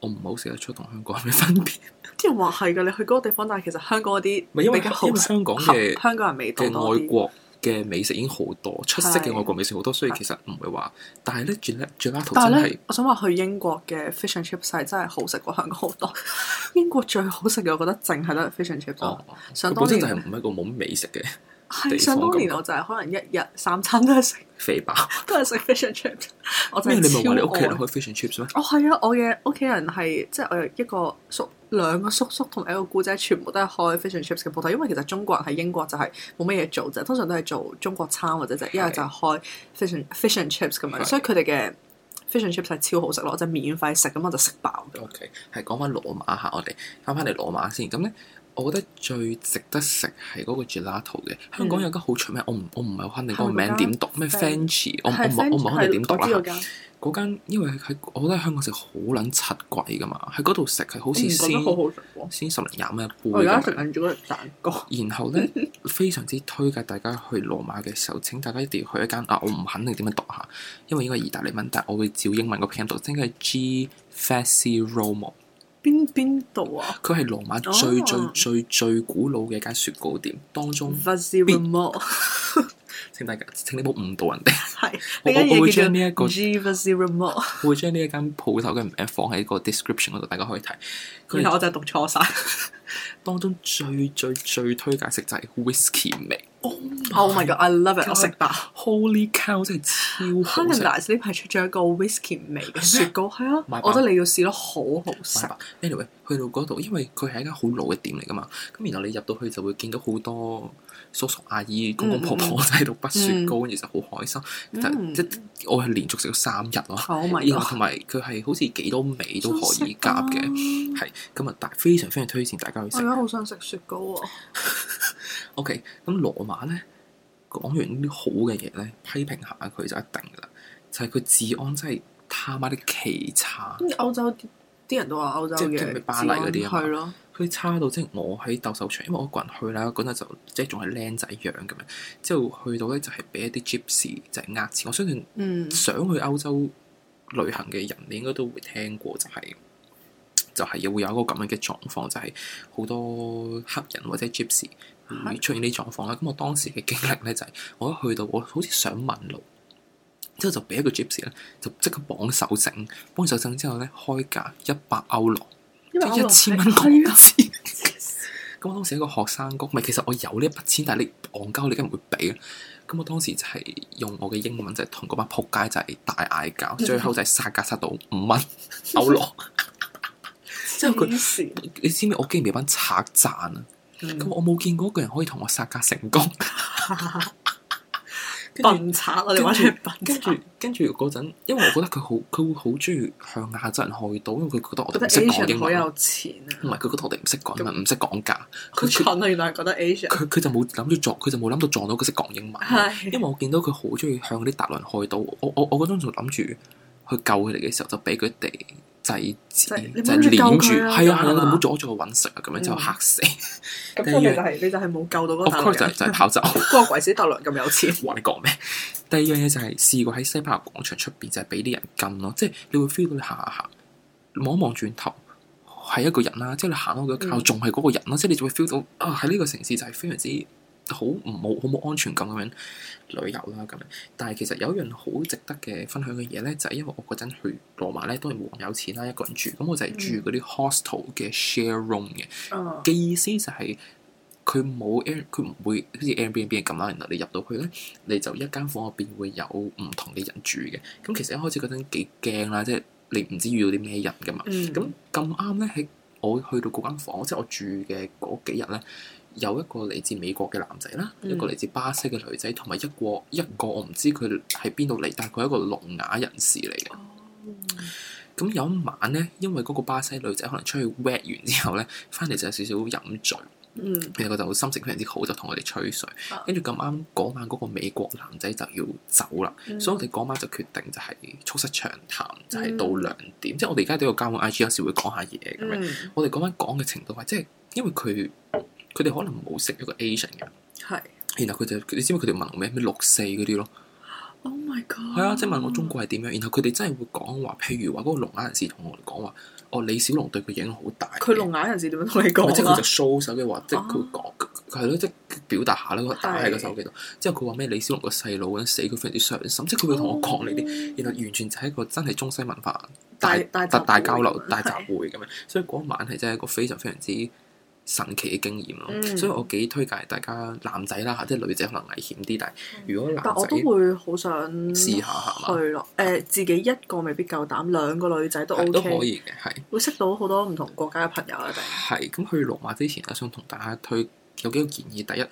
我唔好食得出同香港有咩分別？啲人話係㗎，你去嗰個地方，但係其實香港嗰啲比較好香港嘅香港人味道多啲。外國嘅美食已經好多，出色嘅外國美食好多，所以其實唔會話。的但係咧，最咧最拉頭真係我想話去英國嘅 fish and chips 真係好食過香港好多。 英國最好食嘅，我覺得淨係得 fish and chips。哦，佢本身就係唔係一個冇咩美食嘅。係，想當年我就係可能一日三餐都係食肥飽包， 都係食 fish and chips。 我真係超你你、哦啊、我哋話你屋企人、就是、叔叔開 fish and chips 咩？哦，係啊，我嘅屋企人係即係我一個叔兩個叔叔同埋一個姑姐，全部都係開 fish and chips 嘅鋪頭。因為其實中國人喺英國就係冇乜嘢做就，通常都係做中國餐或者就一係就係開 fish and chips 咁樣。所以佢哋嘅 fish and chips 係的超好食咯，即、就、係、是、免費食咁我就食飽。OK，係講翻羅馬吓我哋翻翻嚟羅馬先咁咧。我覺得最值得食係嗰個 gelato 嘅。香港有間好出名，我唔我唔係好肯定嗰個名點讀，咩 Fancy？我我唔我唔肯定點讀啦。嗰間因為喺我覺得香港食好撚七貴噶嘛，喺嗰度食係好似先十零廿蚊一杯。我而家食蛋糕。然後咧，非常之推介大家去羅馬嘅時候，請大家一定要去一間。啊，我唔肯定點樣讀下，因為依個意大利文，但係我會照英文個拼音讀，應該 G Fassi Romo。邊邊度啊？佢係羅馬最最最最古老嘅一間雪糕店，oh. 當中。Vasirimo， 請大家，請你唔好誤導人哋。係，我會叫做 我會將呢一個， 我會將呢一間鋪頭嘅名放喺個 description 嗰度，大家可以睇。原來我就讀錯晒。 當中最最最推介食就係威士忌味。Oh my, god, oh my god! I love it！我食飽。Holy cow！God, 真係超好食。康林大食呢排出咗一個威士忌味嘅雪糕，係啊麼，我覺得你要試得好好食。吧 anyway，去到嗰度，因為佢係一間好老嘅店嚟噶嘛，咁然後你入到去就會見到好多。叔叔阿姨公公婆婆都喺度，畀雪糕，其實好開心。嗯、但即我係連續食咗三日咯，oh、然後同埋佢係好似幾多味都可以夾嘅，係咁啊！但非常非常推薦大家去食。我而家好想食雪糕啊、哦、 ！OK，咁羅馬咧，講完呢啲好嘅嘢咧，批評下佢就一定噶啦，就係、是、佢治安真係他媽啲奇差。咁歐洲啲人都話歐洲嘅巴黎啲治安嗰啲係咯。佢差到即係我喺鬥獸場，因為我一個人去啦，嗰、那、陣、個、就即係仲係靚仔樣咁樣，之後去到咧就係俾一啲 Gypsy，就係呃錢。我相信想去歐洲旅行嘅人，你應該都會聽過、就是，就係就係會有一個咁樣嘅狀況，就係、是、好多黑人或者 Gypsy 唔會出現呢狀況啦。咁我當時嘅經歷咧就係、是、我一去到，我好似想問路，之後就俾一個 Gypsy，咧，就即刻綁手繩，綁手繩之後咧開價一百歐羅。即一千蚊港紙，咁我 1, 當時一個學生工，咪其實我有呢一筆錢，但係你戇交，你梗唔會俾。咁我當時就係用我嘅英文就係同嗰班仆街仔大嗌交，最後就係殺價殺到五蚊歐羅。之後佢， 的 你知唔知我驚俾班賊賺啊？咁、嗯、我冇見過一個人可以同我殺價成功。 笨賊！我哋玩住笨。跟住跟住嗰陣，因為我覺得佢好，佢會好中意向亞洲人開刀，因為佢覺得我哋唔識講英文。好有錢啊！唔係，同埋佢覺得我哋唔識講英文，唔識講價。佢原來覺得 Asia。佢佢就冇諗住撞，佢就冇諗到撞到佢識講英文。因為我見到佢好中意向嗰啲達人開刀。我我我嗰陣仲諗住去救佢哋嘅時候，就俾佢哋。就係就黏住，係啊係啊，你唔好阻住我揾食啊，咁樣就吓死。咁樣就係你就係冇救到嗰個，就就跑走。嗰個鬼死特倫咁有錢，話你講咩？第二樣嘢就係試過喺西班牙廣場出邊就俾啲人跟咯，即係你會 feel 到你行行行，望望轉頭係一個人啦，即係你行到佢，仲係嗰個人咯，即係你就會 feel 到啊，喺呢個城市就係非常之。好唔好？好冇安全感咁樣旅遊啦咁樣。但係其實有一樣好值得嘅分享嘅嘢咧，就係、是、因為我嗰陣去羅馬咧，都係冇有錢啦、啊，一個人住。咁我就係住嗰啲 hostel 嘅 share room 嘅。嘅、哦、意思就係佢冇 air，佢唔會好似 Airbnb 咁啦。然後你入到去咧，你就一間房入邊會有唔同嘅人住嘅。咁其實一開始嗰陣幾驚啦，即、就、係、是、你唔知遇到啲咩人㗎嘛。咁咁啱咧，喺我去到嗰間房間，即係我住嘅嗰幾日咧。有一個嚟自美國嘅男仔啦、嗯，一個嚟自巴西嘅女仔，同埋一個一個我唔知佢喺邊度嚟，但係佢係一個聾啞人士嚟嘅。咁、哦嗯、有一晚咧，因為嗰個巴西女仔可能出去 w e 完之後咧，翻嚟就有少少飲醉，其實佢就心情非常之好，就同我哋吹水。跟住咁啱嗰晚嗰個美國男仔就要走啦，嗯、所以我哋嗰晚就決定就係促膝長談，就係到兩點。嗯、即係我哋而家都要交換 I G，有時會講下嘢咁樣。嗯嗯、我哋嗰晚講嘅程度係即係因為佢。佢哋可能冇識一個 Asian 嘅，係。然後佢就，你知唔知佢哋問咩咩六四嗰啲咯？Oh my god！係啊，即係問我中國係點樣。然後佢哋真係會講話，譬如話嗰個聾啞人士同我哋講話，哦李小龍對佢影響好大。佢聾啞人士點樣同你講？即係佢就 show 手機話，即係佢講係咯，即係表達下啦。咯，打喺個手機度。之後佢話咩？李小龍個細佬咁死，佢非常之傷心。即係佢會同我講呢啲。然後完全就係一個真係中西文化大大交流大集會咁樣。所以嗰晚係真係一個非常非常之。神奇嘅經驗咯，嗯、所以我幾推介大家男仔啦嚇，即係女仔可能危險啲，但係如果男仔，但我都會好想試下一下去係咯，誒、呃，自己一個未必夠膽，兩個女仔都 O，、okay，都可以嘅，係會識到好多唔同國家嘅朋友啊，一定係。咁去羅馬之前咧，想同大家推有幾個建議。第一。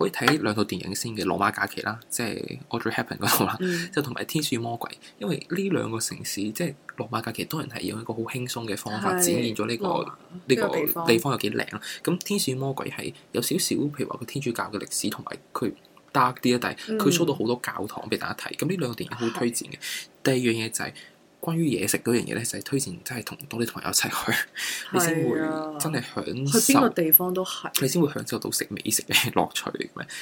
可以睇兩套電影先嘅《羅馬假期》啦，即係《Audrey Hepburn》嗰度啦，就同埋《天使魔鬼》。因為呢兩個城市，即係羅馬假期，當然係以一個好輕鬆嘅方法展現咗呢、這個呢個地方有幾靚咁。《嗯、天使魔鬼》係有少少，譬如話個天主教嘅歷史同埋佢 dark 啲啊，但係佢 show 到好多教堂俾大家睇。咁呢、嗯、兩套電影好推薦嘅。是第二樣嘢就係、是。關於嘢食嗰樣嘢咧，就係、是、推薦，真係同多啲朋友一齊去，啊、你先會真係享受。去邊個地方都係。你先會享受到食美食嘅樂趣、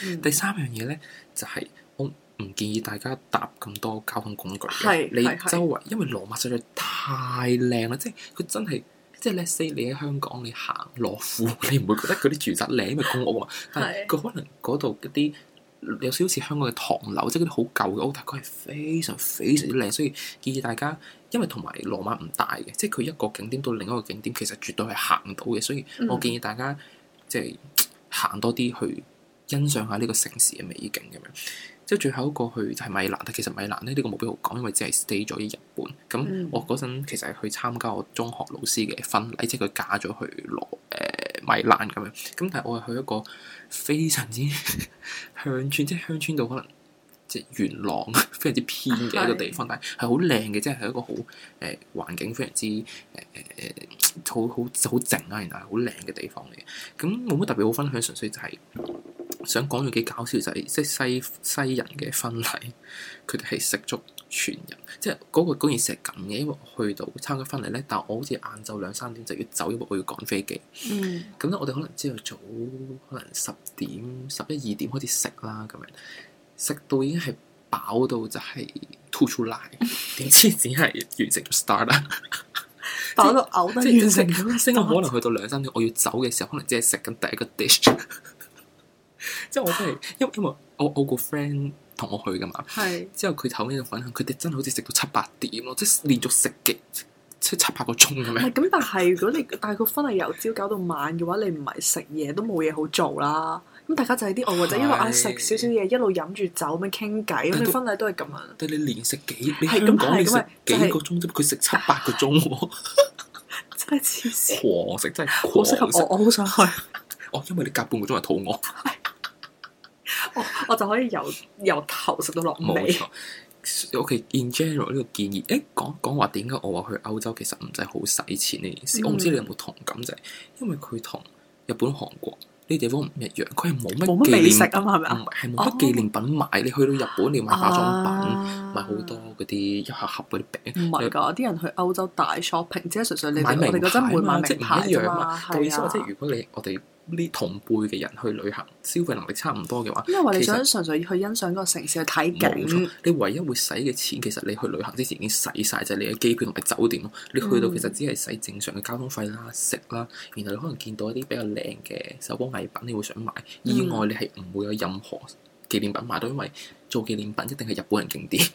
嗯、第三樣嘢咧，就係、是、我唔建議大家搭咁多交通工具。是你周圍，因為羅馬實在太靚啦，即係佢真係即係 let's say 你喺香港你行羅湖，你唔是會覺得嗰啲住宅靚，因為公屋啊，但係佢可能嗰度啲，有少少似香港嘅唐樓，即係啲好舊嘅屋，但佢係非常非常之靚，所以建議大家，因為同埋羅馬唔大嘅，即係佢一個景點到另一個景點其實絕對係行到嘅，所以我建議大家即係、就是、行多啲去欣賞下呢個城市嘅美景咁樣。即係最後一個去就係米蘭，其實米蘭咧呢個目標好講，因為只係 stay 咗於日本。咁我嗰陣其實係去參加我中學老師嘅婚禮，即係佢嫁咗去羅。米蘭咁樣，咁但係我係去一個非常之鄉 村，即係鄉村度可能即係元朗非常之偏嘅一個地方，但係係好靚嘅，即係係一個好誒、呃、環境非常之誒誒誒好好好靜啊，然後係好靚嘅地方嚟嘅，咁冇乜特別好分享，純粹就係、是。想講嘅幾搞笑就係、是，即西西人嘅婚禮，佢哋係食足全人。即係、那、嗰個嗰件事係咁嘅。因為我去到參加婚禮咧，但我好似晏晝兩三點就要走，因為我要趕飛機。嗯，咁咧我哋可能朝頭早可能十點十一二點開始食啦，咁樣食到已經係飽到就係吐出嚟，點知只係完成咗 star 啦，飽到嘔得。 即係食食到可能去到兩三點，我要走嘅時候，可能只係食緊第一個 dish。 即係我真係，因因為我我個 friend 同我去噶嘛，係之後佢後呢就分享佢哋真係好似食到七八點咯，即係連續食極即係七八個鐘咁樣。咁，但係如果你但係個婚禮由朝搞到晚嘅話，你唔係食嘢都冇嘢好做啦。咁大家就係啲餓鬼仔一路食少少嘢，一路飲住酒咁樣傾偈，咁樣婚禮都係咁樣。但係你連食幾，你香港你食幾個鐘啫，佢食七八個鐘，真係黐線，狂食真係。好適合我，我好想去。哦，因為你隔半個鐘就肚餓。我就可以由由頭食到落尾。OK，in general 呢個建議，誒，講講話，點解我話去歐洲其實唔使好使錢呢件事，我唔知你有冇同感，就係因為佢同日本、韓國呢啲地方唔一樣，佢係冇乜冇乜美食啊，係咪係冇乜紀念品買？你去到日本，你要買化妝品，買好多嗰啲一盒盒嗰啲餅，唔係噶。啲人去歐洲大 shopping，即係純粹你我哋覺得會買名牌，唔一樣嘛。對，即係如果你我哋。呢同輩嘅人去旅行，消費能力差唔多嘅話，因為你其實想純粹去欣賞嗰個城市去睇景，你唯一會使嘅錢其實你去旅行之前已經使晒，就係你嘅機票同埋酒店咯。你去到其實只係使正常嘅交通費啦、食啦，然後你可能見到一啲比較靚嘅手工藝品，你會想買。以外你係唔會有任何。紀念品買到，因為做紀念品一定係日本人勁啲，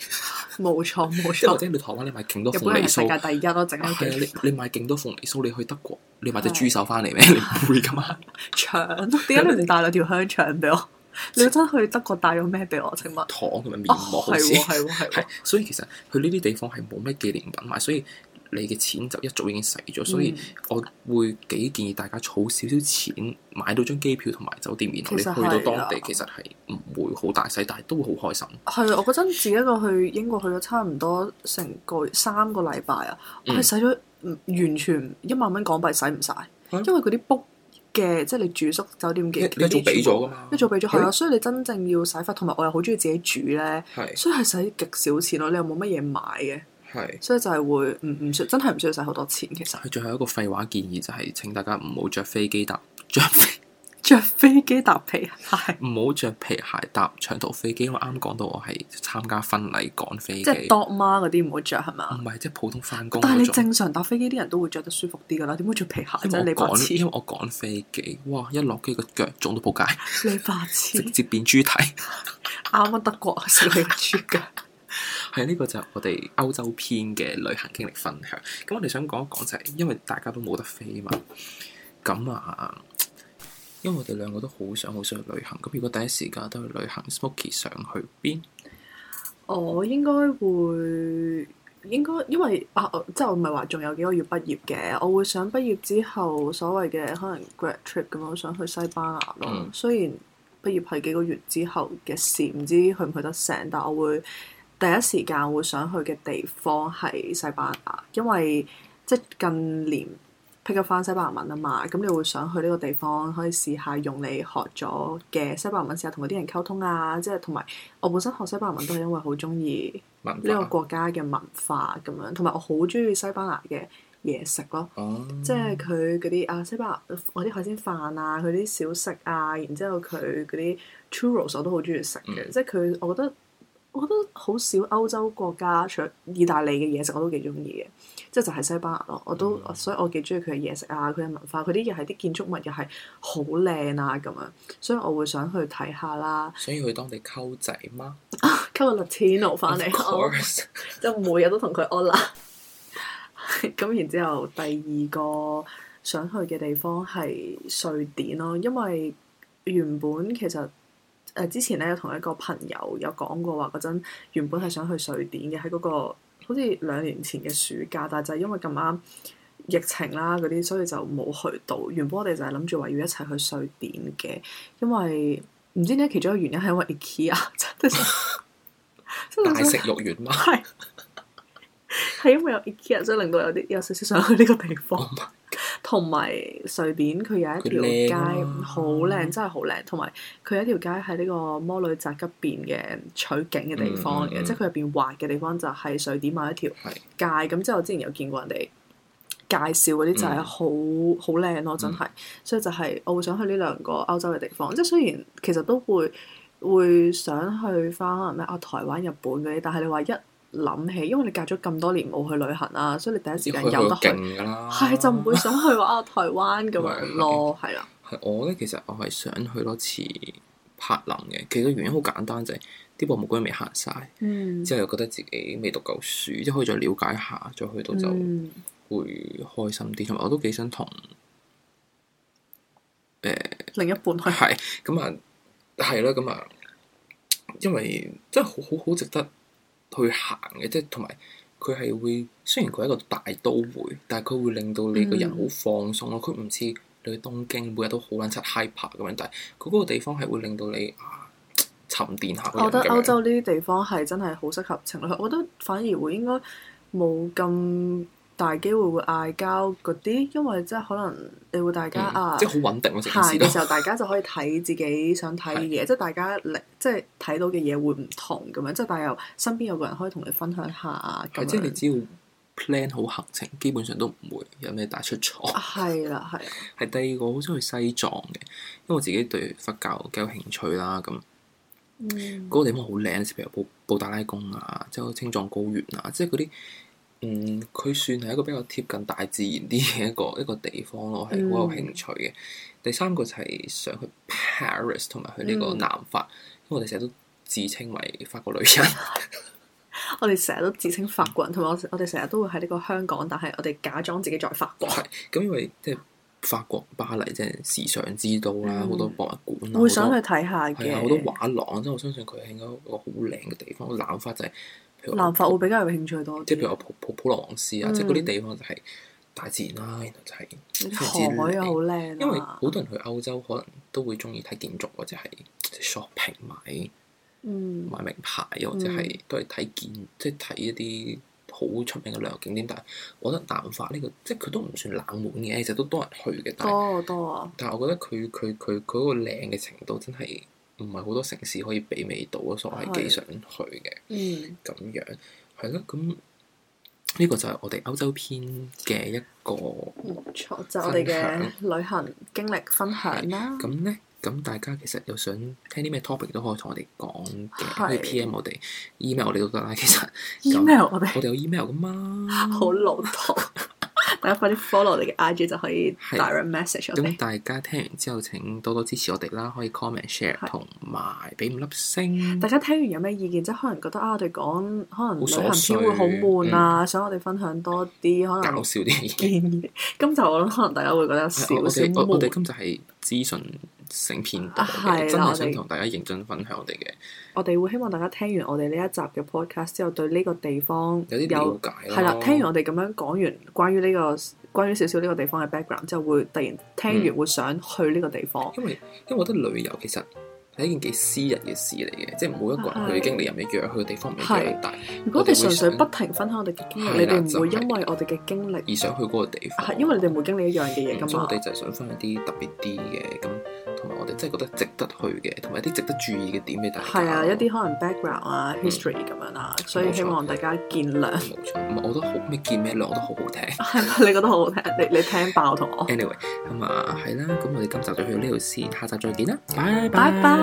冇錯冇錯。或者你台灣，你買勁多鳳梨酥，世界第一咯，整係、啊。係，你你買勁多鳳梨酥，你去德國，你買隻豬手翻嚟咩？ 你會㗎嘛？腸點解你唔帶兩條香腸俾我？ 你真去德國帶咗咩俾我？請問 糖同埋面膜先，係喎係喎係。啊啊啊啊、 所以其實去呢啲地方係冇咩紀念品買，所以。你嘅錢就一早已經使咗，嗯、所以我會幾建議大家儲少少錢，買到張機票同埋酒店，然後你去到當地其實係唔、啊、會好大使，但係都會好開心。係啊，我嗰陣自己一個去英國，去咗差唔多成個三個禮拜啊，我係使咗完全一萬蚊港幣使唔曬，嗯、因為嗰啲 book 嘅即係你住宿酒店嘅，一早俾咗㗎嘛？一早俾咗係啊，所以你真正要使費，同埋我又好中意自己煮咧，嗯、所以係使極少錢咯、啊。你又冇乜嘢買嘅。係，所以就係會唔唔需真係唔需要使好多錢，其實。佢最後一個廢話建議就係，請大家唔好着飛機搭着飛着飛機搭皮鞋，唔好着皮鞋搭長途飛機。因為我啱講到我係參加婚禮趕飛機，即係多媽嗰啲唔好着係嘛？唔係，即係普通返工。但係你正常搭飛機啲人都會着得舒服啲噶啦，點會着皮鞋？你白痴！因為我趕飛機，哇！一落機個腳腫都仆街，你白痴， 直接變豬蹄。啱啱 德國食你豬腳。 係呢個就係我哋歐洲篇嘅旅行經歷分享。咁我哋想講一講就係、是，因為大家都冇得飛嘛。咁啊，因為我哋兩個都好想好想去旅行。咁如果第一時間都去旅行，Smoky 想去邊？我應該會應該因為啊，即係我唔係話仲有幾個月畢業嘅，我會想畢業之後所謂嘅可能 grad trip 咁啊，想去西班牙咯。嗯、雖然畢業係幾個月之後嘅事，唔知去唔去得成，但我會。第一時間會想去嘅地方係西班牙，因為即係近年 pick up 翻西班牙文啊嘛，咁你會想去呢個地方，可以試下用你學咗嘅西班牙文試下同嗰啲人溝通啊！即係同埋我本身學西班牙文都係因為好中意呢個國家嘅文化咁樣，同埋我好中意西班牙嘅嘢食咯，哦、即係佢嗰啲啊西班牙嗰啲海鮮飯啊，佢啲小食啊，然之後佢嗰啲 churros 我都好中意食嘅，即係佢我覺得。我覺得好少歐洲國家，除意大利嘅嘢食我都幾中意嘅，即係就係西班牙咯。我都，嗯、所以我幾中意佢嘅嘢食啊，佢嘅文化，佢啲又係啲建築物又係好靚啊咁樣，所以我會想去睇下啦。所以去當地溝仔嗎？啊、溝個 Latino 翻嚟，就每日都同佢 online。咁 然之後，第二個想去嘅地方係瑞典咯，因為原本其實。誒之前咧有同一個朋友有講過話，嗰陣原本係想去瑞典嘅，喺嗰、嗰個好似兩年前嘅暑假，但係就係因為咁啱疫情啦嗰啲，所以就冇去到。原本我哋就係諗住話要一齊去瑞典嘅，因為唔知點解其中一個原因係因為 IKEA 真係大食肉丸，啦，係係因為有 IKEA，所以令到有啲有少少想去呢個地方。 同埋瑞典佢有一條街好靚，嗯、真係好靚。同埋佢有一條街喺呢個《魔女宅急便》嘅取景嘅地方嘅，嗯嗯、即係佢入邊畫嘅地方就係瑞典某一條街。咁之後之前有見過人哋介紹嗰啲、嗯、就係好好靚咯，真係。嗯、所以就係、是、我會想去呢兩個歐洲嘅地方。即係雖然其實都會會想去翻可能咩啊台灣、日本啲，但係你話一諗起，因為你隔咗咁多年冇去旅行啊，所以你第一時間有得飛嘅啦。係就唔會想去話台灣咁樣咯，係啦。係我咧，其實我係想去多次柏林嘅。其實原因好簡單，就係啲博物館未行晒，之後又覺得自己未讀夠書，即可以再了解下，再去到就會開心啲。同埋我都幾想同誒另一半去，係咁啊，係啦，咁啊，因為真係好好好值得。去行嘅，即係同埋佢係會，雖然佢係一個大都會，但係佢會令到你個人好放鬆咯。佢唔似你去東京，每日都好撚柒 hype 咁樣，但係佢嗰個地方係會令到你、啊、沉澱下。我覺得歐洲呢啲地方係真係好適合情侶，我覺得反而會應該冇咁。大機會會嗌交嗰啲，因為即係可能你會大家、嗯、啊，即係好穩定咯。成件嘅時候，大家就可以睇自己想睇嘅嘢，即係大家嚟即係睇到嘅嘢會唔同咁樣，即係但又身邊有個人可以同你分享下、嗯、咁樣即係你只要 plan 好行程，基本上都唔會有咩大出錯。係啦，係。係第二個，好想去西藏嘅，因為我自己對佛教幾有興趣啦。咁嗰、嗯、個地方好靚，譬如布布達拉宮啊，即係青藏高原啊，即係嗰啲。嗯，佢算係一個比較貼近大自然啲嘅一個一個地方咯，係好有興趣嘅。嗯、第三個就係想去 Paris 同埋去呢個南法，嗯、因為我哋成日都自稱為法國女人。 我哋成日都自稱法國人，同埋我我哋成日都會喺呢個香港，但係我哋假裝自己在法國。係、嗯，咁因為即係法國巴黎即係時尚之都啦，好多博物館。嗯、多會想去睇下嘅，係、啊、好多畫廊，即係我相信佢應該係一個好靚嘅地方。南法就係、是。南法會比較有興趣多，即係譬如話普普普羅旺斯啊，嗯、即係嗰啲地方就係大自然啦、啊，然後就係海又好靚。因為好多人去歐洲，可能都會中意睇建築或者係 shopping 買，嗯買名牌或者係、嗯、都係睇建，即係睇一啲好出名嘅旅遊景點。但係我覺得南法呢、這個即係佢都唔算冷門嘅，其實都多人去嘅，多啊多啊。但係我覺得佢佢佢佢嗰個靚嘅程度真係。唔係好多城市可以媲美到，所以係幾想去嘅。的嗯，咁樣係咯，咁呢、呢個就係我哋歐洲篇嘅一個，冇錯，就係、我哋嘅旅行經歷分享啦。咁咧，咁大家其實有想聽啲咩 topic 都可以同我哋講嘅，的可以 PM 我哋，email 我哋都得啦。其實 email 我哋，我哋有 email 噶嘛， 好老土婆笑。大家快啲 follow 你嘅 IG 就可以 direct message 是。咁 okay? 大家聽完之後，請多多支持我哋啦，可以 comment share 同埋俾五粒星。大家聽完有咩意見？即係可能覺得啊，我哋講可能旅行片會好悶啊，嗯、想我哋分享多啲，可能搞笑啲建議。 今集我諗可能大家會覺得少少悶、啊、我哋今集係資訊。成片嘅，係真係想同大家認真分享我哋嘅。我哋會希望大家聽完我哋呢一集嘅 podcast 之後，對呢個地方有啲了解。係啦，聽完我哋咁樣講完關於呢、呢個，關於少少呢個地方嘅 background 之後，會突然聽完會想去呢個地方。嗯、因為因為我覺得旅遊其實。係一件幾私人嘅事嚟嘅，即係每一個人去嘅經歷又唔一樣，去嘅地方唔一樣。大。如果我哋純粹不停分享我哋嘅經歷，你哋唔會因為我哋嘅經歷而想去嗰個地方。因為你哋冇經歷一樣嘅嘢。所以我哋就係想分享啲特別啲嘅咁，同埋我哋真係覺得值得去嘅，同埋一啲值得注意嘅點俾大家，係啊，一啲可能 background 啊、history 咁樣啊，所以希望大家見諒。冇錯，唔係我覺得好咩？見咩諒？我都好好聽。係，你覺得好好聽？你你聽爆同我。anyway，咁啊係啦，咁我哋今集就去到呢度先，下集再見啦，拜拜拜。